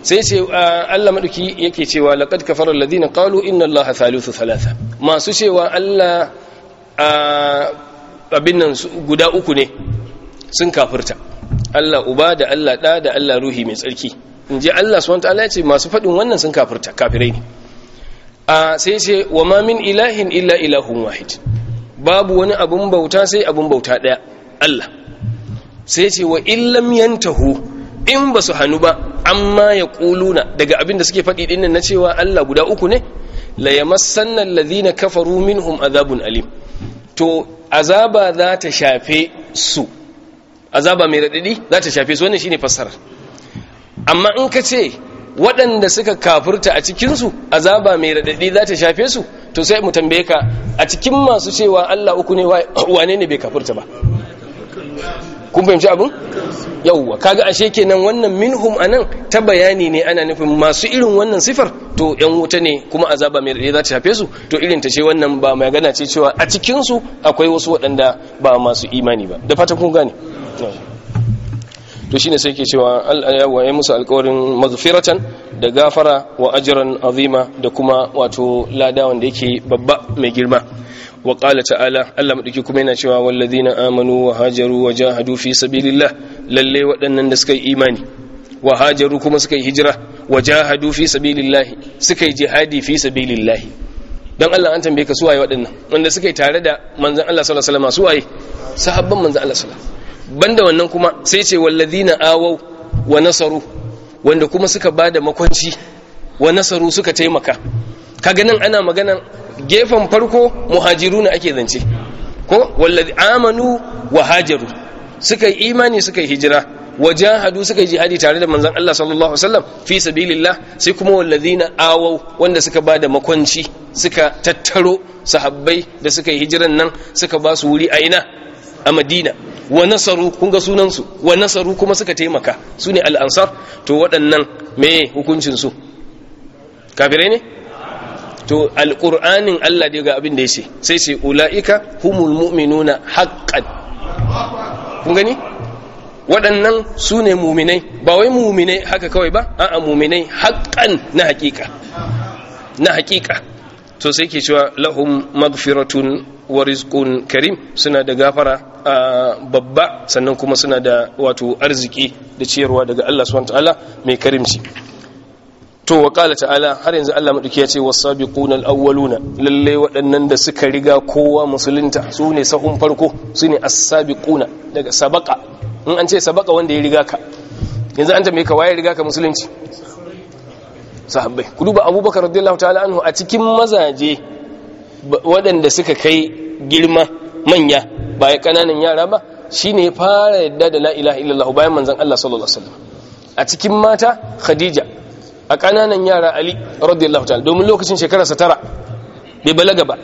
sai ce ah, Allah maduki yake cewa laqad kafara alladhina qalu inna allaha thalithu thalatha masu cewa Allah ah, abin nan guda uku ne sun kafirta Allah uba da Allah da da Allah ruhi mai tsarki inji Allah subhanahu wataala ya ce masu fadin wannan sun kafirta kafirai ne ah, sai ce wa ma min ilahin illa ilahun wahid babu wani abun bauta sai abun bauta ɗaya Allah sai ce wa illam yantahu in ba su hannu ba amma ya ƙuluna daga abin da suke faɗi ɗin na cewa Allah guda uku ne la na kafa kafaru minhum azabun alim to azaba za ta shafe su azaba mai raɗaɗi za ta shafe su wannan shi ne fassara amma in ka ce waɗanda suka kafurta a cikinsu azaba mai raɗaɗi za ta shafe su to sai mu tambaye ka a cikin masu cewa Allah uku ne wane ne bai kafirta ba kun fahimci abin yauwa kaga ashe kenan wannan minhum anan ta bayani ne ana nufin masu irin wannan sifar to yan wuta ne kuma azaba mai rai za ta shafe su to irin ta ce wannan ba mai gana ce cewa a cikin su akwai wasu waɗanda ba masu imani ba da fatan kun gane to shine sai ke cewa eh, wa ya musu alkawarin maghfiratan da gafara wa ajran azima da kuma wato lada wanda yake babba mai girma wa qala ta'ala Allah madauki kuma yana cewa wallazina amanu wa hajaru wa jahadu fi sabilillah lalle waɗannan da suka yi imani wa hajaru kuma suka yi hijira wa jahadu fi sabilillah suka yi jihadi fi sabilillah dan Allah an tambaye ka suwaye waɗannan wanda suka yi tare da manzon Allah sallallahu alaihi wasallam suwaye sahabban manzon Allah sallallahu alaihi wasallam banda wannan kuma sai ce walladina awau wa nasaru wanda kuma suka bada makwanci wa nasaru suka taimaka kaga nan ana magana gefen farko muhajiruna ake zance ko wallazi amanu wa hajaru suka yi imani suka yi hijira wajahadu suka yi jihadi tare da manzon Allah sallallahu alaihi fi sabilillah sai kuma wallazina awau wanda suka bada makwanci suka tattaro sahabbai da suka yi hijiran nan suka ba su wuri a ina a Madina wa nasaru kun ga sunansu wa nasaru kuma suka taimaka su ne al'ansar to waɗannan me hukuncinsu kafirai ne to alƙur'anin allah daga abin da ya ce sai sai ula'ika humul mu'minuna haƙƙan kun gani waɗannan su ne muminai ba wai muminai haka kawai ba a'a muminai haƙƙan na haƙiƙa na haƙiƙa to sai ke cewa lahum magfiratun wa rizqun karim suna da gafara babba sannan kuma suna da wato arziki da ciyarwa daga Allah subhanahu wataala mai karimci to wa qala ta'ala har yanzu Allah madauki ya ce was-sabiquna al-awwaluna lalle waɗannan da suka riga kowa musulunta su ne sahun farko su ne as-sabiquna daga sabaka in an ce sabaka wanda ya riga ka yanzu an tambaye ka waye riga ka musulunci sahabbai ku duba Abubakar radiyallahu ta'ala anhu a cikin mazaje waɗanda suka kai girma manya ba ya ƙananan yara ba shi ya fara yadda da la ilaha bayan manzan Allah sallallahu alaihi wasallam a cikin mata Khadija a ƙananan yara Ali radiyallahu ta'ala domin lokacin shekararsa tara bai balaga ba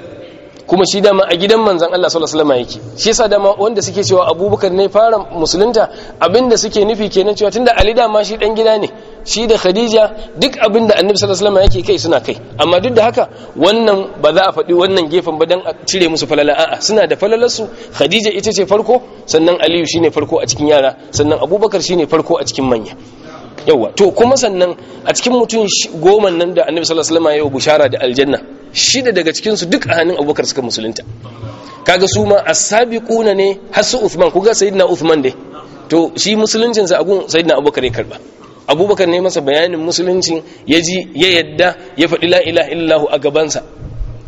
kuma shi dama a gidan manzan Allah sallallahu alaihi wasallam yake shi yasa dama wanda suke cewa Abubakar ne fara musulunta abinda suke nufi kenan cewa tunda Ali dama shi dan gida ne shi da khadija duk abin da annabi sallallahu alaihi wasallam yake kai suna kai amma duk da haka wannan ba za a faɗi wannan gefen ba dan a cire musu falala a'a suna da falalarsu khadija ita ce farko sannan aliyu shine farko a cikin yara sannan abubakar shine farko a cikin manya yawa to kuma sannan a cikin mutum goma nan da annabi sallallahu alaihi wasallam ya bushara da aljanna shida daga cikin su duk a hannun abubakar suka musulunta kaga su ma as-sabiquna ne har su uthman kuga sayyidina uthman dai to shi musuluncin sa agun sayyidina abubakar ya karba abubakar ne masa bayanin musulunci ya ji ya yadda ya faɗi lailaha illahu a gabansa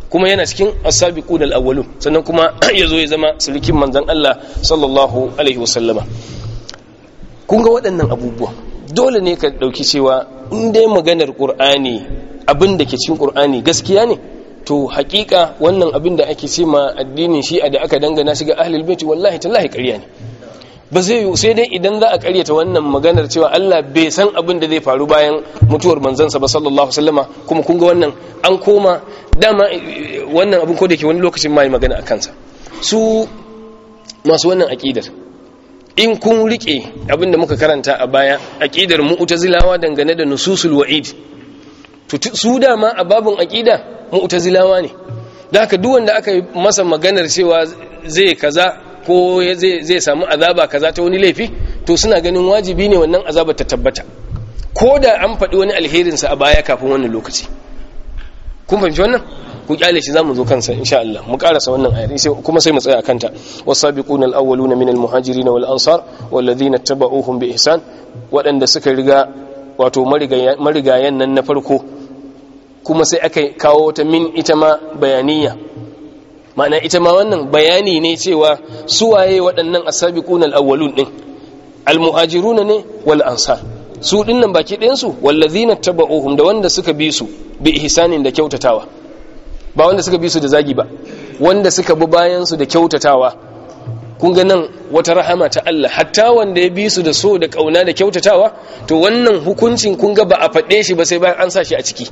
kuma yana cikin asabi da awwalun sannan kuma ya zo ya zama sulkin manzan Allah sallallahu alaihi wasallama kun ga waɗannan abubuwa dole ne ka ɗauki cewa in dai maganar ƙur'ani abin da ke cikin ƙur'ani gaskiya ne to haƙiƙa wannan abin da ake ce ma addinin shi'a da aka dangana shiga ga ahlul bait wallahi tallahi ƙarya ne ba zai yi sai dai idan za a karyata wannan maganar cewa Allah bai san abin da zai faru bayan mutuwar manzansa ba sallallahu alaihi kuma kun ga wannan an koma dama eh, wannan abin ko da ke wani lokacin mai magana a kansa su masu wannan aƙidar in kun rike abin da muka karanta a baya aƙidar mu'tazilawa dangane da nususul wa'id to su dama a babun aƙida mu'tazilawa ne da haka duk wanda aka yi masa maganar cewa zai kaza ko zai samu azaba kaza ta wani laifi to suna ganin wajibi ne wannan azaba ta tabbata ko da an faɗi wani alherinsa a baya kafin wannan lokaci kun fahimci wannan ku kyale shi zamu zo kansa insha Allah mu karasa wannan ayar sai kuma sai mu tsaya kanta wasabiqunal awwaluna minal muhajirin wal ansar ladina tabauhum bi ihsan wadanda suka riga wato marigayen nan na farko kuma sai aka kawo ta min ita ma bayaniya ma'ana ita ma wannan bayani ne cewa su waye waɗannan asabiqun al-awwalun din al-muhajiruna ne wal ansar su dinnan baki ɗayan su wallazina tabauhum da wanda suka bi su bi ihsanin da kyautatawa ba wanda suka bi su da zagi ba wanda suka bi bayan su da kyautatawa kun ga nan wata rahama ta Allah hatta wanda ya bi su da so da kauna da kyautatawa to wannan hukuncin kun ga ba a faɗe shi ba sai bayan an sa shi a ciki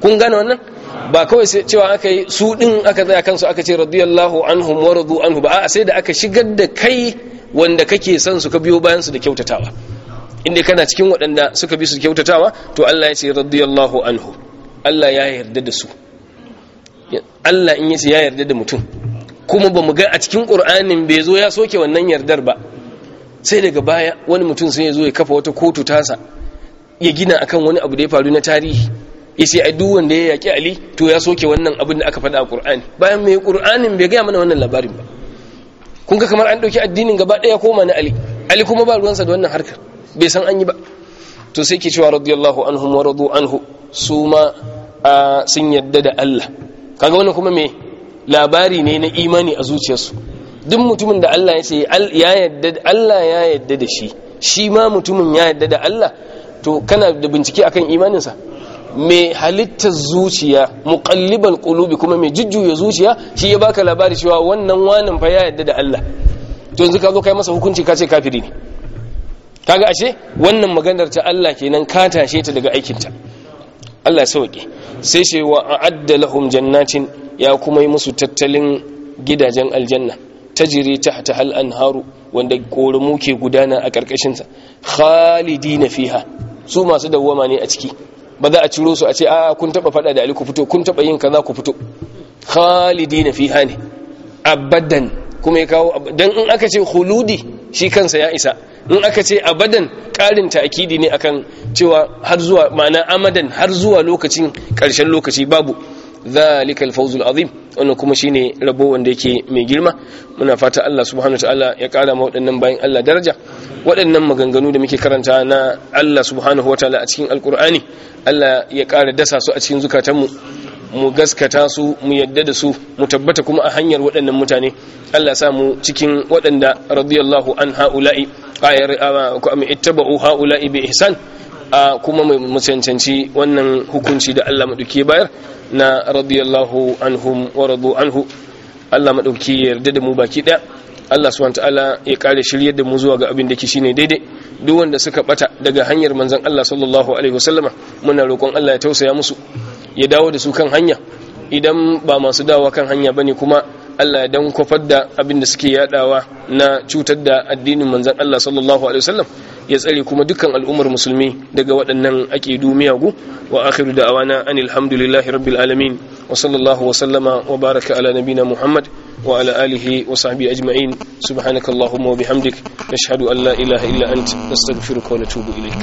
kun gane wannan ba kawai cewa aka yi su din aka tsaya kansu aka ce radiyallahu anhum wa radu anhu ba a sai da aka shigar da kai wanda kake son su ka biyo bayan su da kyautatawa inda kana cikin waɗanda suka bi su kyautatawa to Allah ya ce radiyallahu anhu Allah ya yarda da su Allah in yace ya yarda da mutum kuma bamu ga a cikin Qur'anin bai zo ya soke wannan yardar ba sai daga baya wani mutum sai ya zo ya kafa wata kotu tasa ya gina akan wani abu da ya faru na tarihi yace ai duk wanda ya yaki ali to ya soke wannan abin da aka faɗa a qur'ani bayan mai qur'anin bai gaya mana wannan labarin ba kun ga kamar an dauki addinin gaba daya koma na ali ali kuma ba ruwansa da wannan harkar bai san an yi ba to sai ke cewa radiyallahu anhum wa radu anhu su ma sun yadda da Allah kaga wannan kuma me labari ne na imani a zuciyarsu duk mutumin da Allah ya ce ya yadda Allah ya yadda da shi shi ma mutumin ya yadda da Allah to kana da bincike akan imaninsa mai halittar zuciya muqallibal qulubi kuma mai jujjuya zuciya shi ya baka labari cewa wannan wanin fa ya yadda da Allah to yanzu ka zo kai masa hukunci ka ce kafiri ne kaga ashe wannan maganar ta Allah kenan ka tashe ta daga aikin ta Allah ya sauke sai ce wa a'adda lahum jannatin ya kuma yi musu tattalin gidajen aljanna tajiri tahta hal anharu wanda korumu ke gudana a karkashin sa khalidina fiha su masu dawwama ne a ciki ba za a ciro su a ce a kun taba fada da ali ku fito kun taba yin kaza ku fito khalidina fiha ne abadan kuma ya kawo dan in aka ce khuludi shi kansa ya isa in aka ce abadan karin ta'kidi ne akan cewa har zuwa ma'ana amadan har zuwa lokacin karshen lokaci babu ذلك الفوز azim wannan kuma shine rabo wanda yake mai girma muna fata Allah subhanahu wataala ya kara mu waɗannan bayan Allah daraja waɗannan maganganu da muke karanta na Allah subhanahu wataala a cikin alqur'ani Allah ya kara dasa su a cikin zukatanmu mu gaskata su mu yadda da su mu tabbata kuma a hanyar waɗannan mutane Allah sa mu cikin waɗanda radiyallahu an ha'ula'i ayar ittaba'u ha'ula'i bi ihsan a kuma mai cancanci wannan hukunci da Allah maɗauki bayar na radiyallahu anhum wa radu anhu Allah maɗauki ya yarda da mu baki ɗaya Allah subhanahu ta'ala ya kare shiryar da mu zuwa ga abin da ke shine daidai duk wanda suka ɓata daga hanyar manzon Allah sallallahu alaihi wasallama muna roƙon Allah ya tausaya musu ya dawo da su kan hanya idan ba masu dawowa kan hanya bane kuma Allah ya dan kwafar da abin da suke yadawa na cutar da addinin manzon Allah sallallahu alaihi wasallam ya tsare kuma dukkan al'ummar musulmi daga waɗannan aqidu miyagu wa akhiru da'awana anil hamdulillahi rabbil alamin wa sallallahu wa sallama wa baraka ala nabina muhammad wa ala alihi wa sahbihi ajma'in subhanakallahumma wa bihamdik nashhadu an la ilaha illa ant nastaghfiruka wa natubu ilaik.